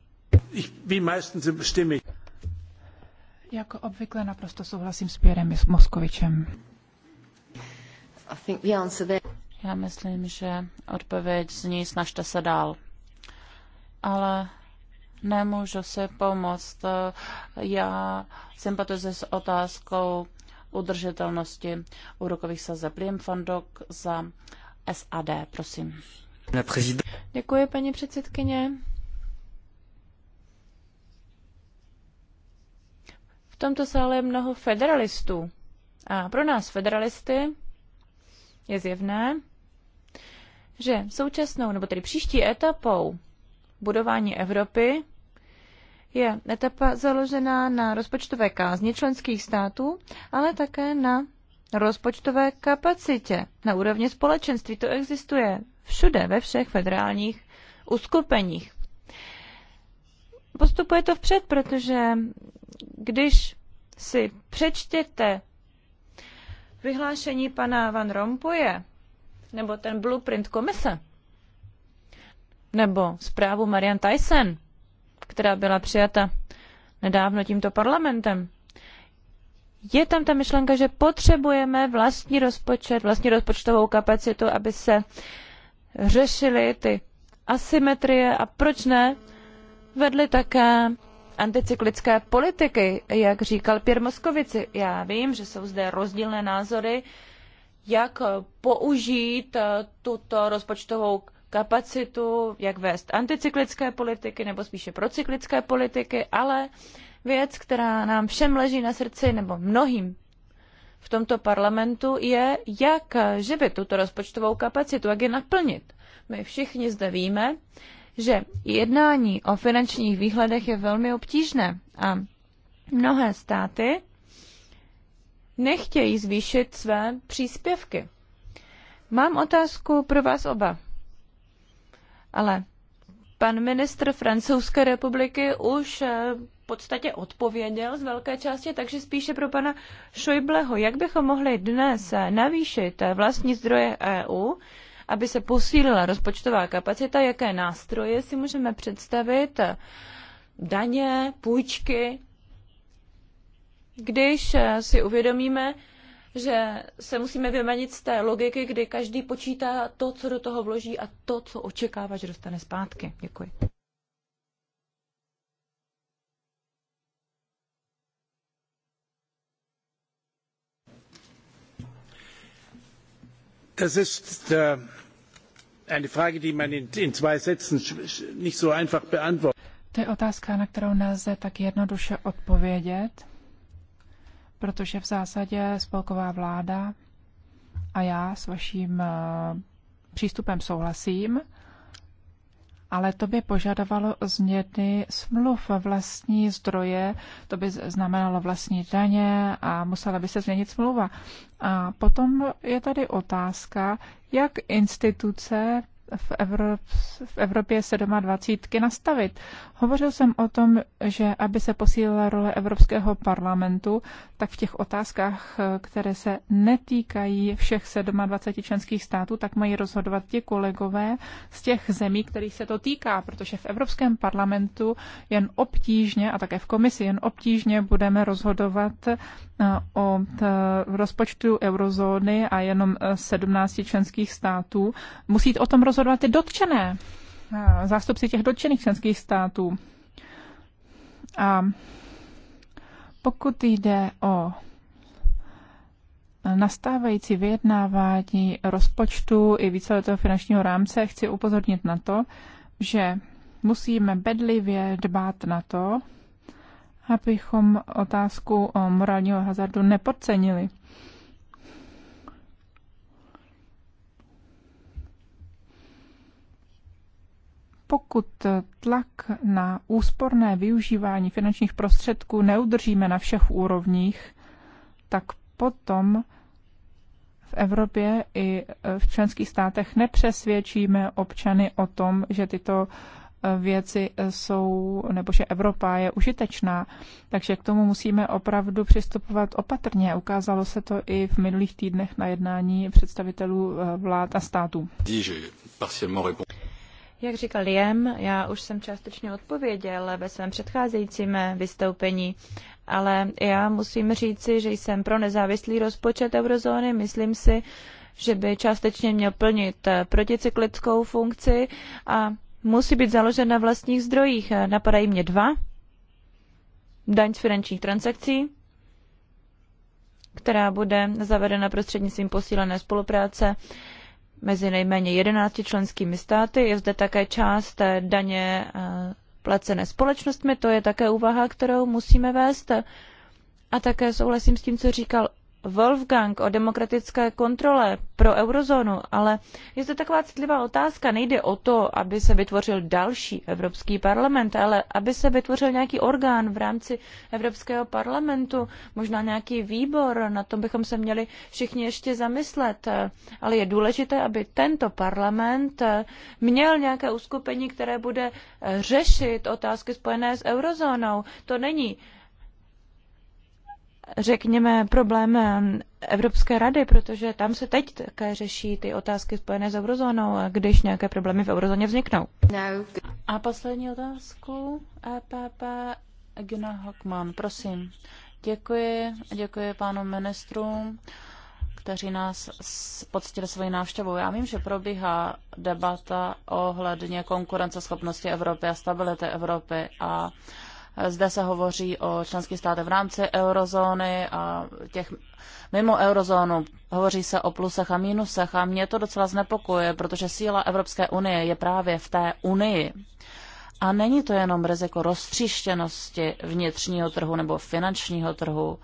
Jako obvykle naprosto souhlasím s Pěrem Moskovičem. I think the answer there... Já myslím, že odpověď zní snažte se dál. Ale nemůžu si pomoct. Já sympatizuji s otázkou udržitelnosti úrokových sazeb. Liam fondok za SAD, prosím. Děkuji, paní předsedkyně. tomto sále je mnoho federalistů. A pro nás federalisty je zjevné, že současnou, nebo tedy příští etapou budování Evropy je etapa založená na rozpočtové kázni členských států, ale také na rozpočtové kapacitě. Na úrovni společenství to existuje všude, ve všech federálních uskupeních postupuje to vpřed, protože když si přečtěte vyhlášení pana Van Rompuje, nebo ten blueprint komise, nebo zprávu Marian Tyson, která byla přijata nedávno tímto parlamentem, je tam ta myšlenka, že potřebujeme vlastní rozpočet, vlastní rozpočtovou kapacitu, aby se řešily ty asymetrie a proč ne vedli také anticyklické politiky, jak říkal Pěr Moskovici. Já vím, že jsou zde rozdílné názory, jak použít eh, tuto rozpočtovou kapacitu, jak vést anticyklické politiky nebo spíše procyklické politiky, ale věc, která nám všem leží na srdci, nebo mnohým v tomto parlamentu, je, jak živit tuto rozpočtovou kapacitu, jak ji naplnit. My všichni zde víme, že jednání o finančních výhledech je velmi obtížné a mnohé státy nechtějí zvýšit své příspěvky. Mám otázku pro vás oba. Ale pan ministr Francouzské republiky už eh, v podstatě odpověděl z velké části, takže spíše pro pana Šojbleho. Jak bychom mohli dnes eh, navýšit eh, vlastní zdroje EU, aby se posílila rozpočtová kapacita, jaké nástroje si můžeme představit, daně, půjčky, když si uvědomíme, že se musíme vymanit z té logiky, kdy každý počítá to, co do toho vloží a to, co očekává, že dostane zpátky. Děkuji. Das ist äh, eine Frage, die man in, in zwei Sätzen nicht so einfach beantwortet. To je otázka, na kterou nelze tak jednoduše odpovědět, protože v zásadě spolková vláda a já s vaším eh, přístupem souhlasím, ale to by požadovalo změny smluv vlastní zdroje, to by znamenalo vlastní daně a musela by se změnit smlouva. A potom je tady otázka, jak instituce v, Evrop, v Evropě 27 nastavit. Hovořil jsem o tom, že aby se posílila role Evropského parlamentu, tak v těch otázkách, které se netýkají všech 27 členských států, tak mají rozhodovat ti kolegové z těch zemí, kterých se to týká, protože v Evropském parlamentu jen obtížně a také v komisi jen obtížně budeme rozhodovat eh, o rozpočtu eurozóny a jenom 17 eh, členských států. Musí o tom rozhodovat rozhodovat ty dotčené, eh, zástupci těch dotčených členských států. A pokud jde o nastávající vyjednávání rozpočtu i víceletého finančního rámce, chci upozornit na to, že musíme bedlivě dbát na to, abychom otázku o morálního hazardu nepodcenili. pokud tlak na úsporné využívání finančních prostředků neudržíme na všech úrovních, tak potom v Evropě i v členských státech nepřesvědčíme občany o tom, že tyto eh, věci eh, jsou, nebo že Evropa je užitečná. Takže k tomu musíme opravdu přistupovat opatrně. Ukázalo se to i v minulých týdnech na jednání představitelů eh, vlád a států. Jak říkal Jem, já už jsem částečně odpověděl ve svém předcházejícím vystoupení, ale já musím říci, že jsem pro nezávislý rozpočet eurozóny. Myslím si, že by částečně měl plnit proticyklickou funkci a musí být založen na vlastních zdrojích. Napadají mě dva. Daň z finančních transakcí, která bude zavedena prostřednictvím posílené spolupráce mezi nejméně 11 členskými státy. Je zde také část eh, daně eh, placené společnostmi, to je také úvaha, kterou musíme vést. A také souhlasím s tím, co říkal Wolfgang o demokratické kontrole pro eurozónu, ale je to taková citlivá otázka. Nejde o to, aby se vytvořil další Evropský parlament, ale aby se vytvořil nějaký orgán v rámci Evropského parlamentu, možná nějaký výbor, na tom bychom se měli všichni ještě zamyslet. Ale je důležité, aby tento parlament měl nějaké uskupení, které bude řešit otázky spojené s eurozónou. To není řekněme, problém ehm, Evropské rady, protože tam se teď také řeší ty otázky spojené s eurozónou, když nějaké problémy v eurozóně vzniknou. No. A poslední otázku, EPP Gina Hockman, prosím. Děkuji, děkuji pánu ministrům, kteří nás poctili svojí návštěvou. Já vím, že probíhá debata ohledně konkurenceschopnosti Evropy a stability Evropy a zde se hovoří o členských státech v rámci eurozóny a těch mimo eurozónu. Hovoří se o plusech a mínusech a mě to docela znepokojuje, protože síla Evropské unie je právě v té unii. A není to jenom riziko roztříštěnosti vnitřního trhu nebo finančního trhu,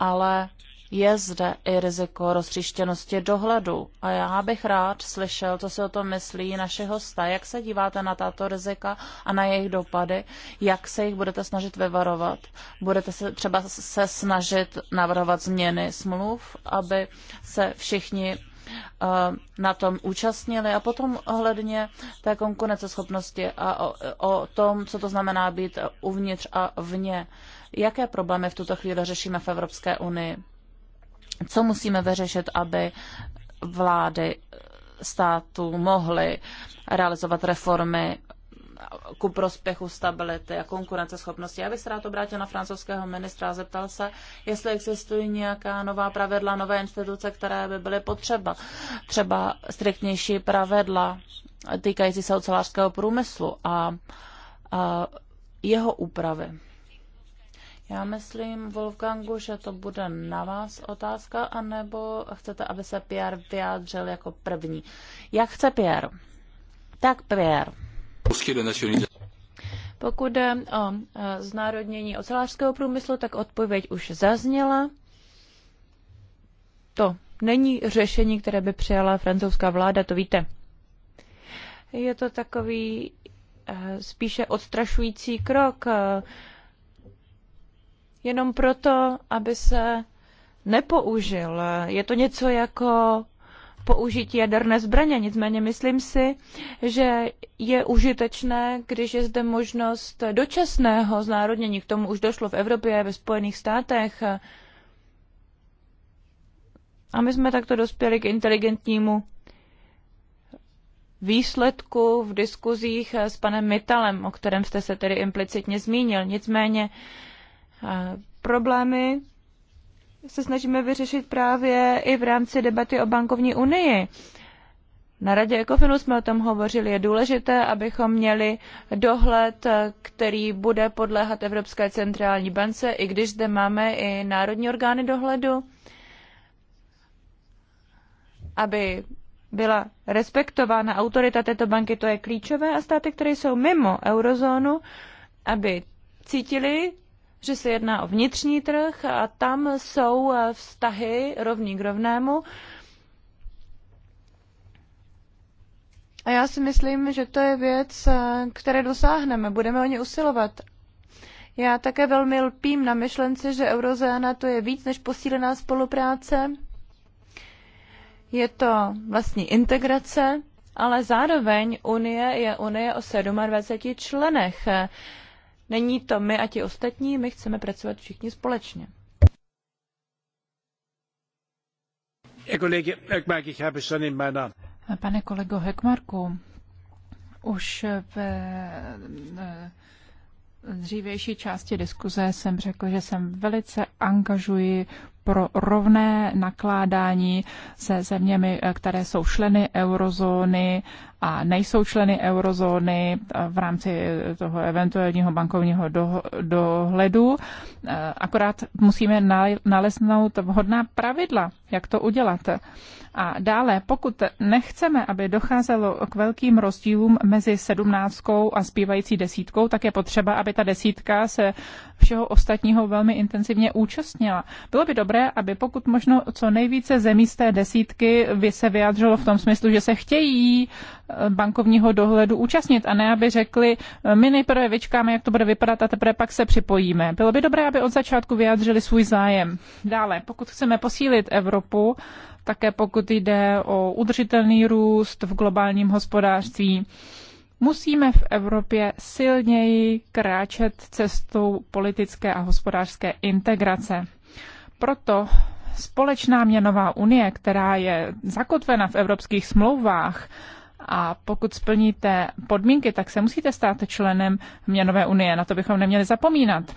ale je zde i riziko roztříštěnosti dohledu. A já bych rád slyšel, co si o tom myslí naše hosta. Jak se díváte na tato rizika a na jejich dopady? Jak se jich budete snažit vyvarovat? Budete se třeba se snažit navrhovat změny smluv, aby se všichni eh, na tom účastnili a potom ohledně té konkurenceschopnosti a o, o tom, co to znamená být uvnitř a vně. Jaké problémy v tuto chvíli řešíme v Evropské unii? co musíme vyřešit, aby vlády států mohly realizovat reformy ku prospěchu stability a konkurenceschopnosti. Já bych se rád obrátil na francouzského ministra a zeptal se, jestli existují nějaká nová pravidla, nové instituce, které by byly potřeba. Třeba striktnější pravidla týkající se ocelářského průmyslu a, a jeho úpravy. Já myslím, Wolfgangu, že to bude na vás otázka, anebo chcete, aby se Pierre vyjádřil jako první. Jak chce Pierre? Tak Pierre. Pokud jde o e, znárodnění ocelářského průmyslu, tak odpověď už zazněla. To není řešení, které by přijala francouzská vláda, to víte. Je to takový e, spíše odstrašující krok. E, jenom proto, aby se nepoužil. Je to něco jako použití jaderné zbraně. Nicméně myslím si, že je užitečné, když je zde možnost dočasného znárodnění. K tomu už došlo v Evropě, ve Spojených státech. A my jsme takto dospěli k inteligentnímu výsledku v diskuzích s panem Mitalem, o kterém jste se tedy implicitně zmínil. Nicméně problémy se snažíme vyřešit právě i v rámci debaty o bankovní unii. Na radě Ekofinu jsme o tom hovořili. Je důležité, abychom měli dohled, který bude podléhat Evropské centrální bance, i když zde máme i národní orgány dohledu, aby byla respektována autorita této banky, to je klíčové, a státy, které jsou mimo eurozónu, aby cítili že se jedná o vnitřní trh a tam jsou eh, vztahy rovní k rovnému. A já si myslím, že to je věc, eh, které dosáhneme, budeme o ně usilovat. Já také velmi lpím na myšlence, že eurozóna to je víc než posílená spolupráce. Je to vlastní integrace, ale zároveň Unie je Unie o 27 členech. Není to my a ti ostatní, my chceme pracovat všichni společně. Pane kolego Hekmarku, už eh, v dřívější části diskuze jsem řekl, že jsem velice angažuji pro rovné nakládání se zeměmi, eh, které jsou členy eurozóny a nejsou členy eurozóny eh, v rámci eh, toho eventuálního bankovního do, dohledu. Akorát musíme naleznout vhodná pravidla, jak to udělat. A dále, pokud nechceme, aby docházelo k velkým rozdílům mezi sedmnáctkou a zbývající desítkou, tak je potřeba, aby ta desítka se všeho ostatního velmi intenzivně účastnila. Bylo by dobré, aby pokud možno co nejvíce zemí z té desítky by se vyjádřilo v tom smyslu, že se chtějí eh, bankovního dohledu účastnit a ne, aby řekli, eh, my nejprve vyčkáme, jak to bude vypadat a teprve pak se připojíme. Bylo by dobré, aby od začátku vyjádřili svůj zájem. Dále, pokud chceme posílit Evropu, také pokud jde o udržitelný růst v globálním hospodářství, Musíme v Evropě silněji kráčet cestou politické a hospodářské integrace. Proto společná měnová unie, která je zakotvena v evropských smlouvách, a pokud splníte podmínky, tak se musíte stát členem měnové unie. Na to bychom neměli zapomínat.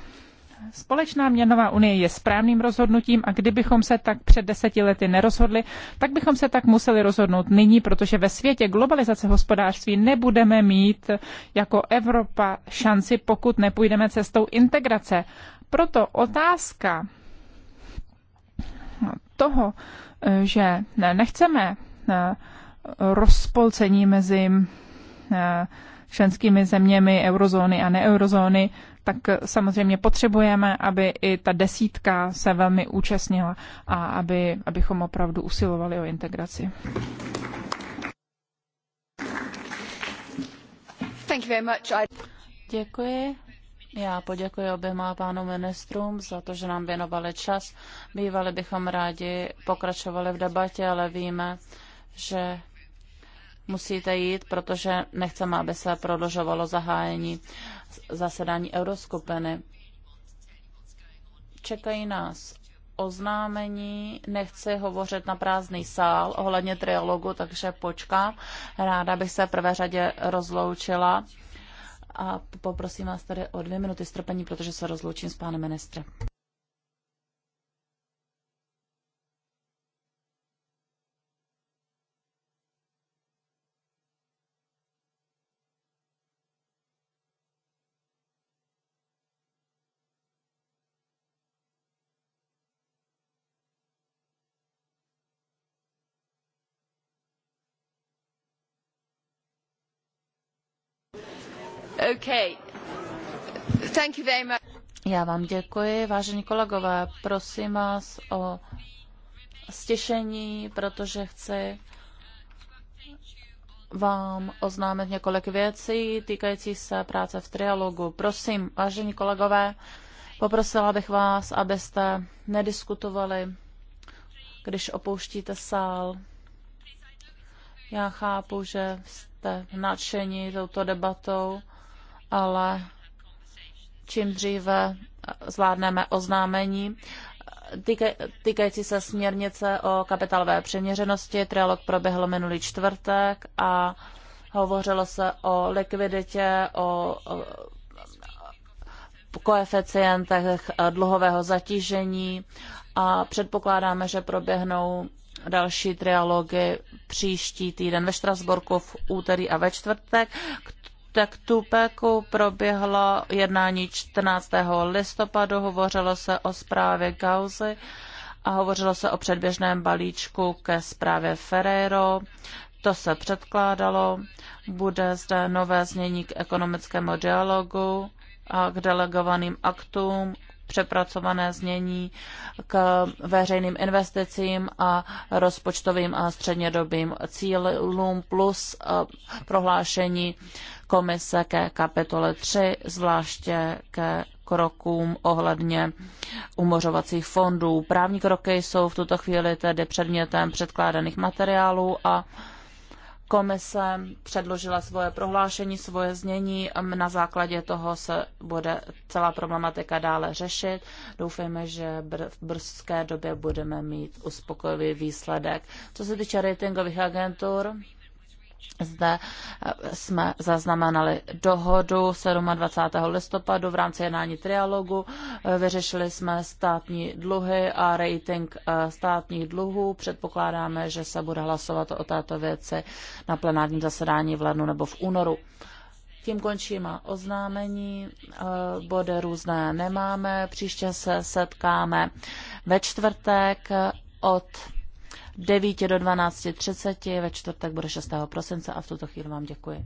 Společná měnová unie je správným rozhodnutím a kdybychom se tak před deseti lety nerozhodli, tak bychom se tak museli rozhodnout nyní, protože ve světě globalizace hospodářství nebudeme mít jako Evropa šanci, pokud nepůjdeme cestou integrace. Proto otázka toho, že nechceme rozpolcení mezi členskými zeměmi eurozóny a neeurozóny, tak samozřejmě potřebujeme, aby i ta desítka se velmi účastnila a aby, abychom opravdu usilovali o integraci. Thank you very much. I... Děkuji. Já poděkuji oběma pánům ministrům za to, že nám věnovali čas. Bývali bychom rádi pokračovali v debatě, ale víme, že musíte jít, protože nechceme, aby se prodlužovalo zahájení zasedání Euroskupiny. Čekají nás oznámení, nechci hovořit na prázdný sál ohledně trialogu, takže počkám. Ráda bych se prvé řadě rozloučila a poprosím vás tady o dvě minuty strpení, protože se rozloučím s pánem ministrem. Já vám děkuji, vážení kolegové. Prosím vás o stěšení, protože chci vám oznámit několik věcí týkající se práce v trialogu. Prosím, vážení kolegové, poprosila bych vás, abyste nediskutovali, když opouštíte sál. Já chápu, že jste nadšení touto debatou ale čím dříve zvládneme oznámení týkající se směrnice o kapitálové přeměřenosti Trialog proběhl minulý čtvrtek a hovořilo se o likviditě, o, o koeficientech dluhového zatížení a předpokládáme, že proběhnou další trialogy příští týden ve Štrasburku v úterý a ve čtvrtek. K tak Tupeku proběhlo jednání 14. listopadu, hovořilo se o zprávě kauzy a hovořilo se o předběžném balíčku ke zprávě Ferrero. To se předkládalo, bude zde nové změní k ekonomickému dialogu a k delegovaným aktům, přepracované změní k veřejným investicím a rozpočtovým a střednědobým cílům plus eh, prohlášení komise ke kapitole 3, zvláště ke krokům ohledně umořovacích fondů. Právní kroky jsou v tuto chvíli tedy předmětem předkládaných materiálů a komise předložila svoje prohlášení, svoje znění. Na základě toho se bude celá problematika dále řešit. Doufejme, že v brzké době budeme mít uspokojivý výsledek. Co se týče ratingových agentur, zde eh, jsme zaznamenali dohodu 27. listopadu v rámci jednání trialogu. Eh, vyřešili jsme státní dluhy a rating eh, státních dluhů. Předpokládáme, že se bude hlasovat o této věci na plenárním zasedání v lednu nebo v únoru. Tím končím a oznámení, body různé nemáme, příště se setkáme ve čtvrtek od 9 do 12.30, ve čtvrtek bude 6. prosince a v tuto chvíli vám děkuji.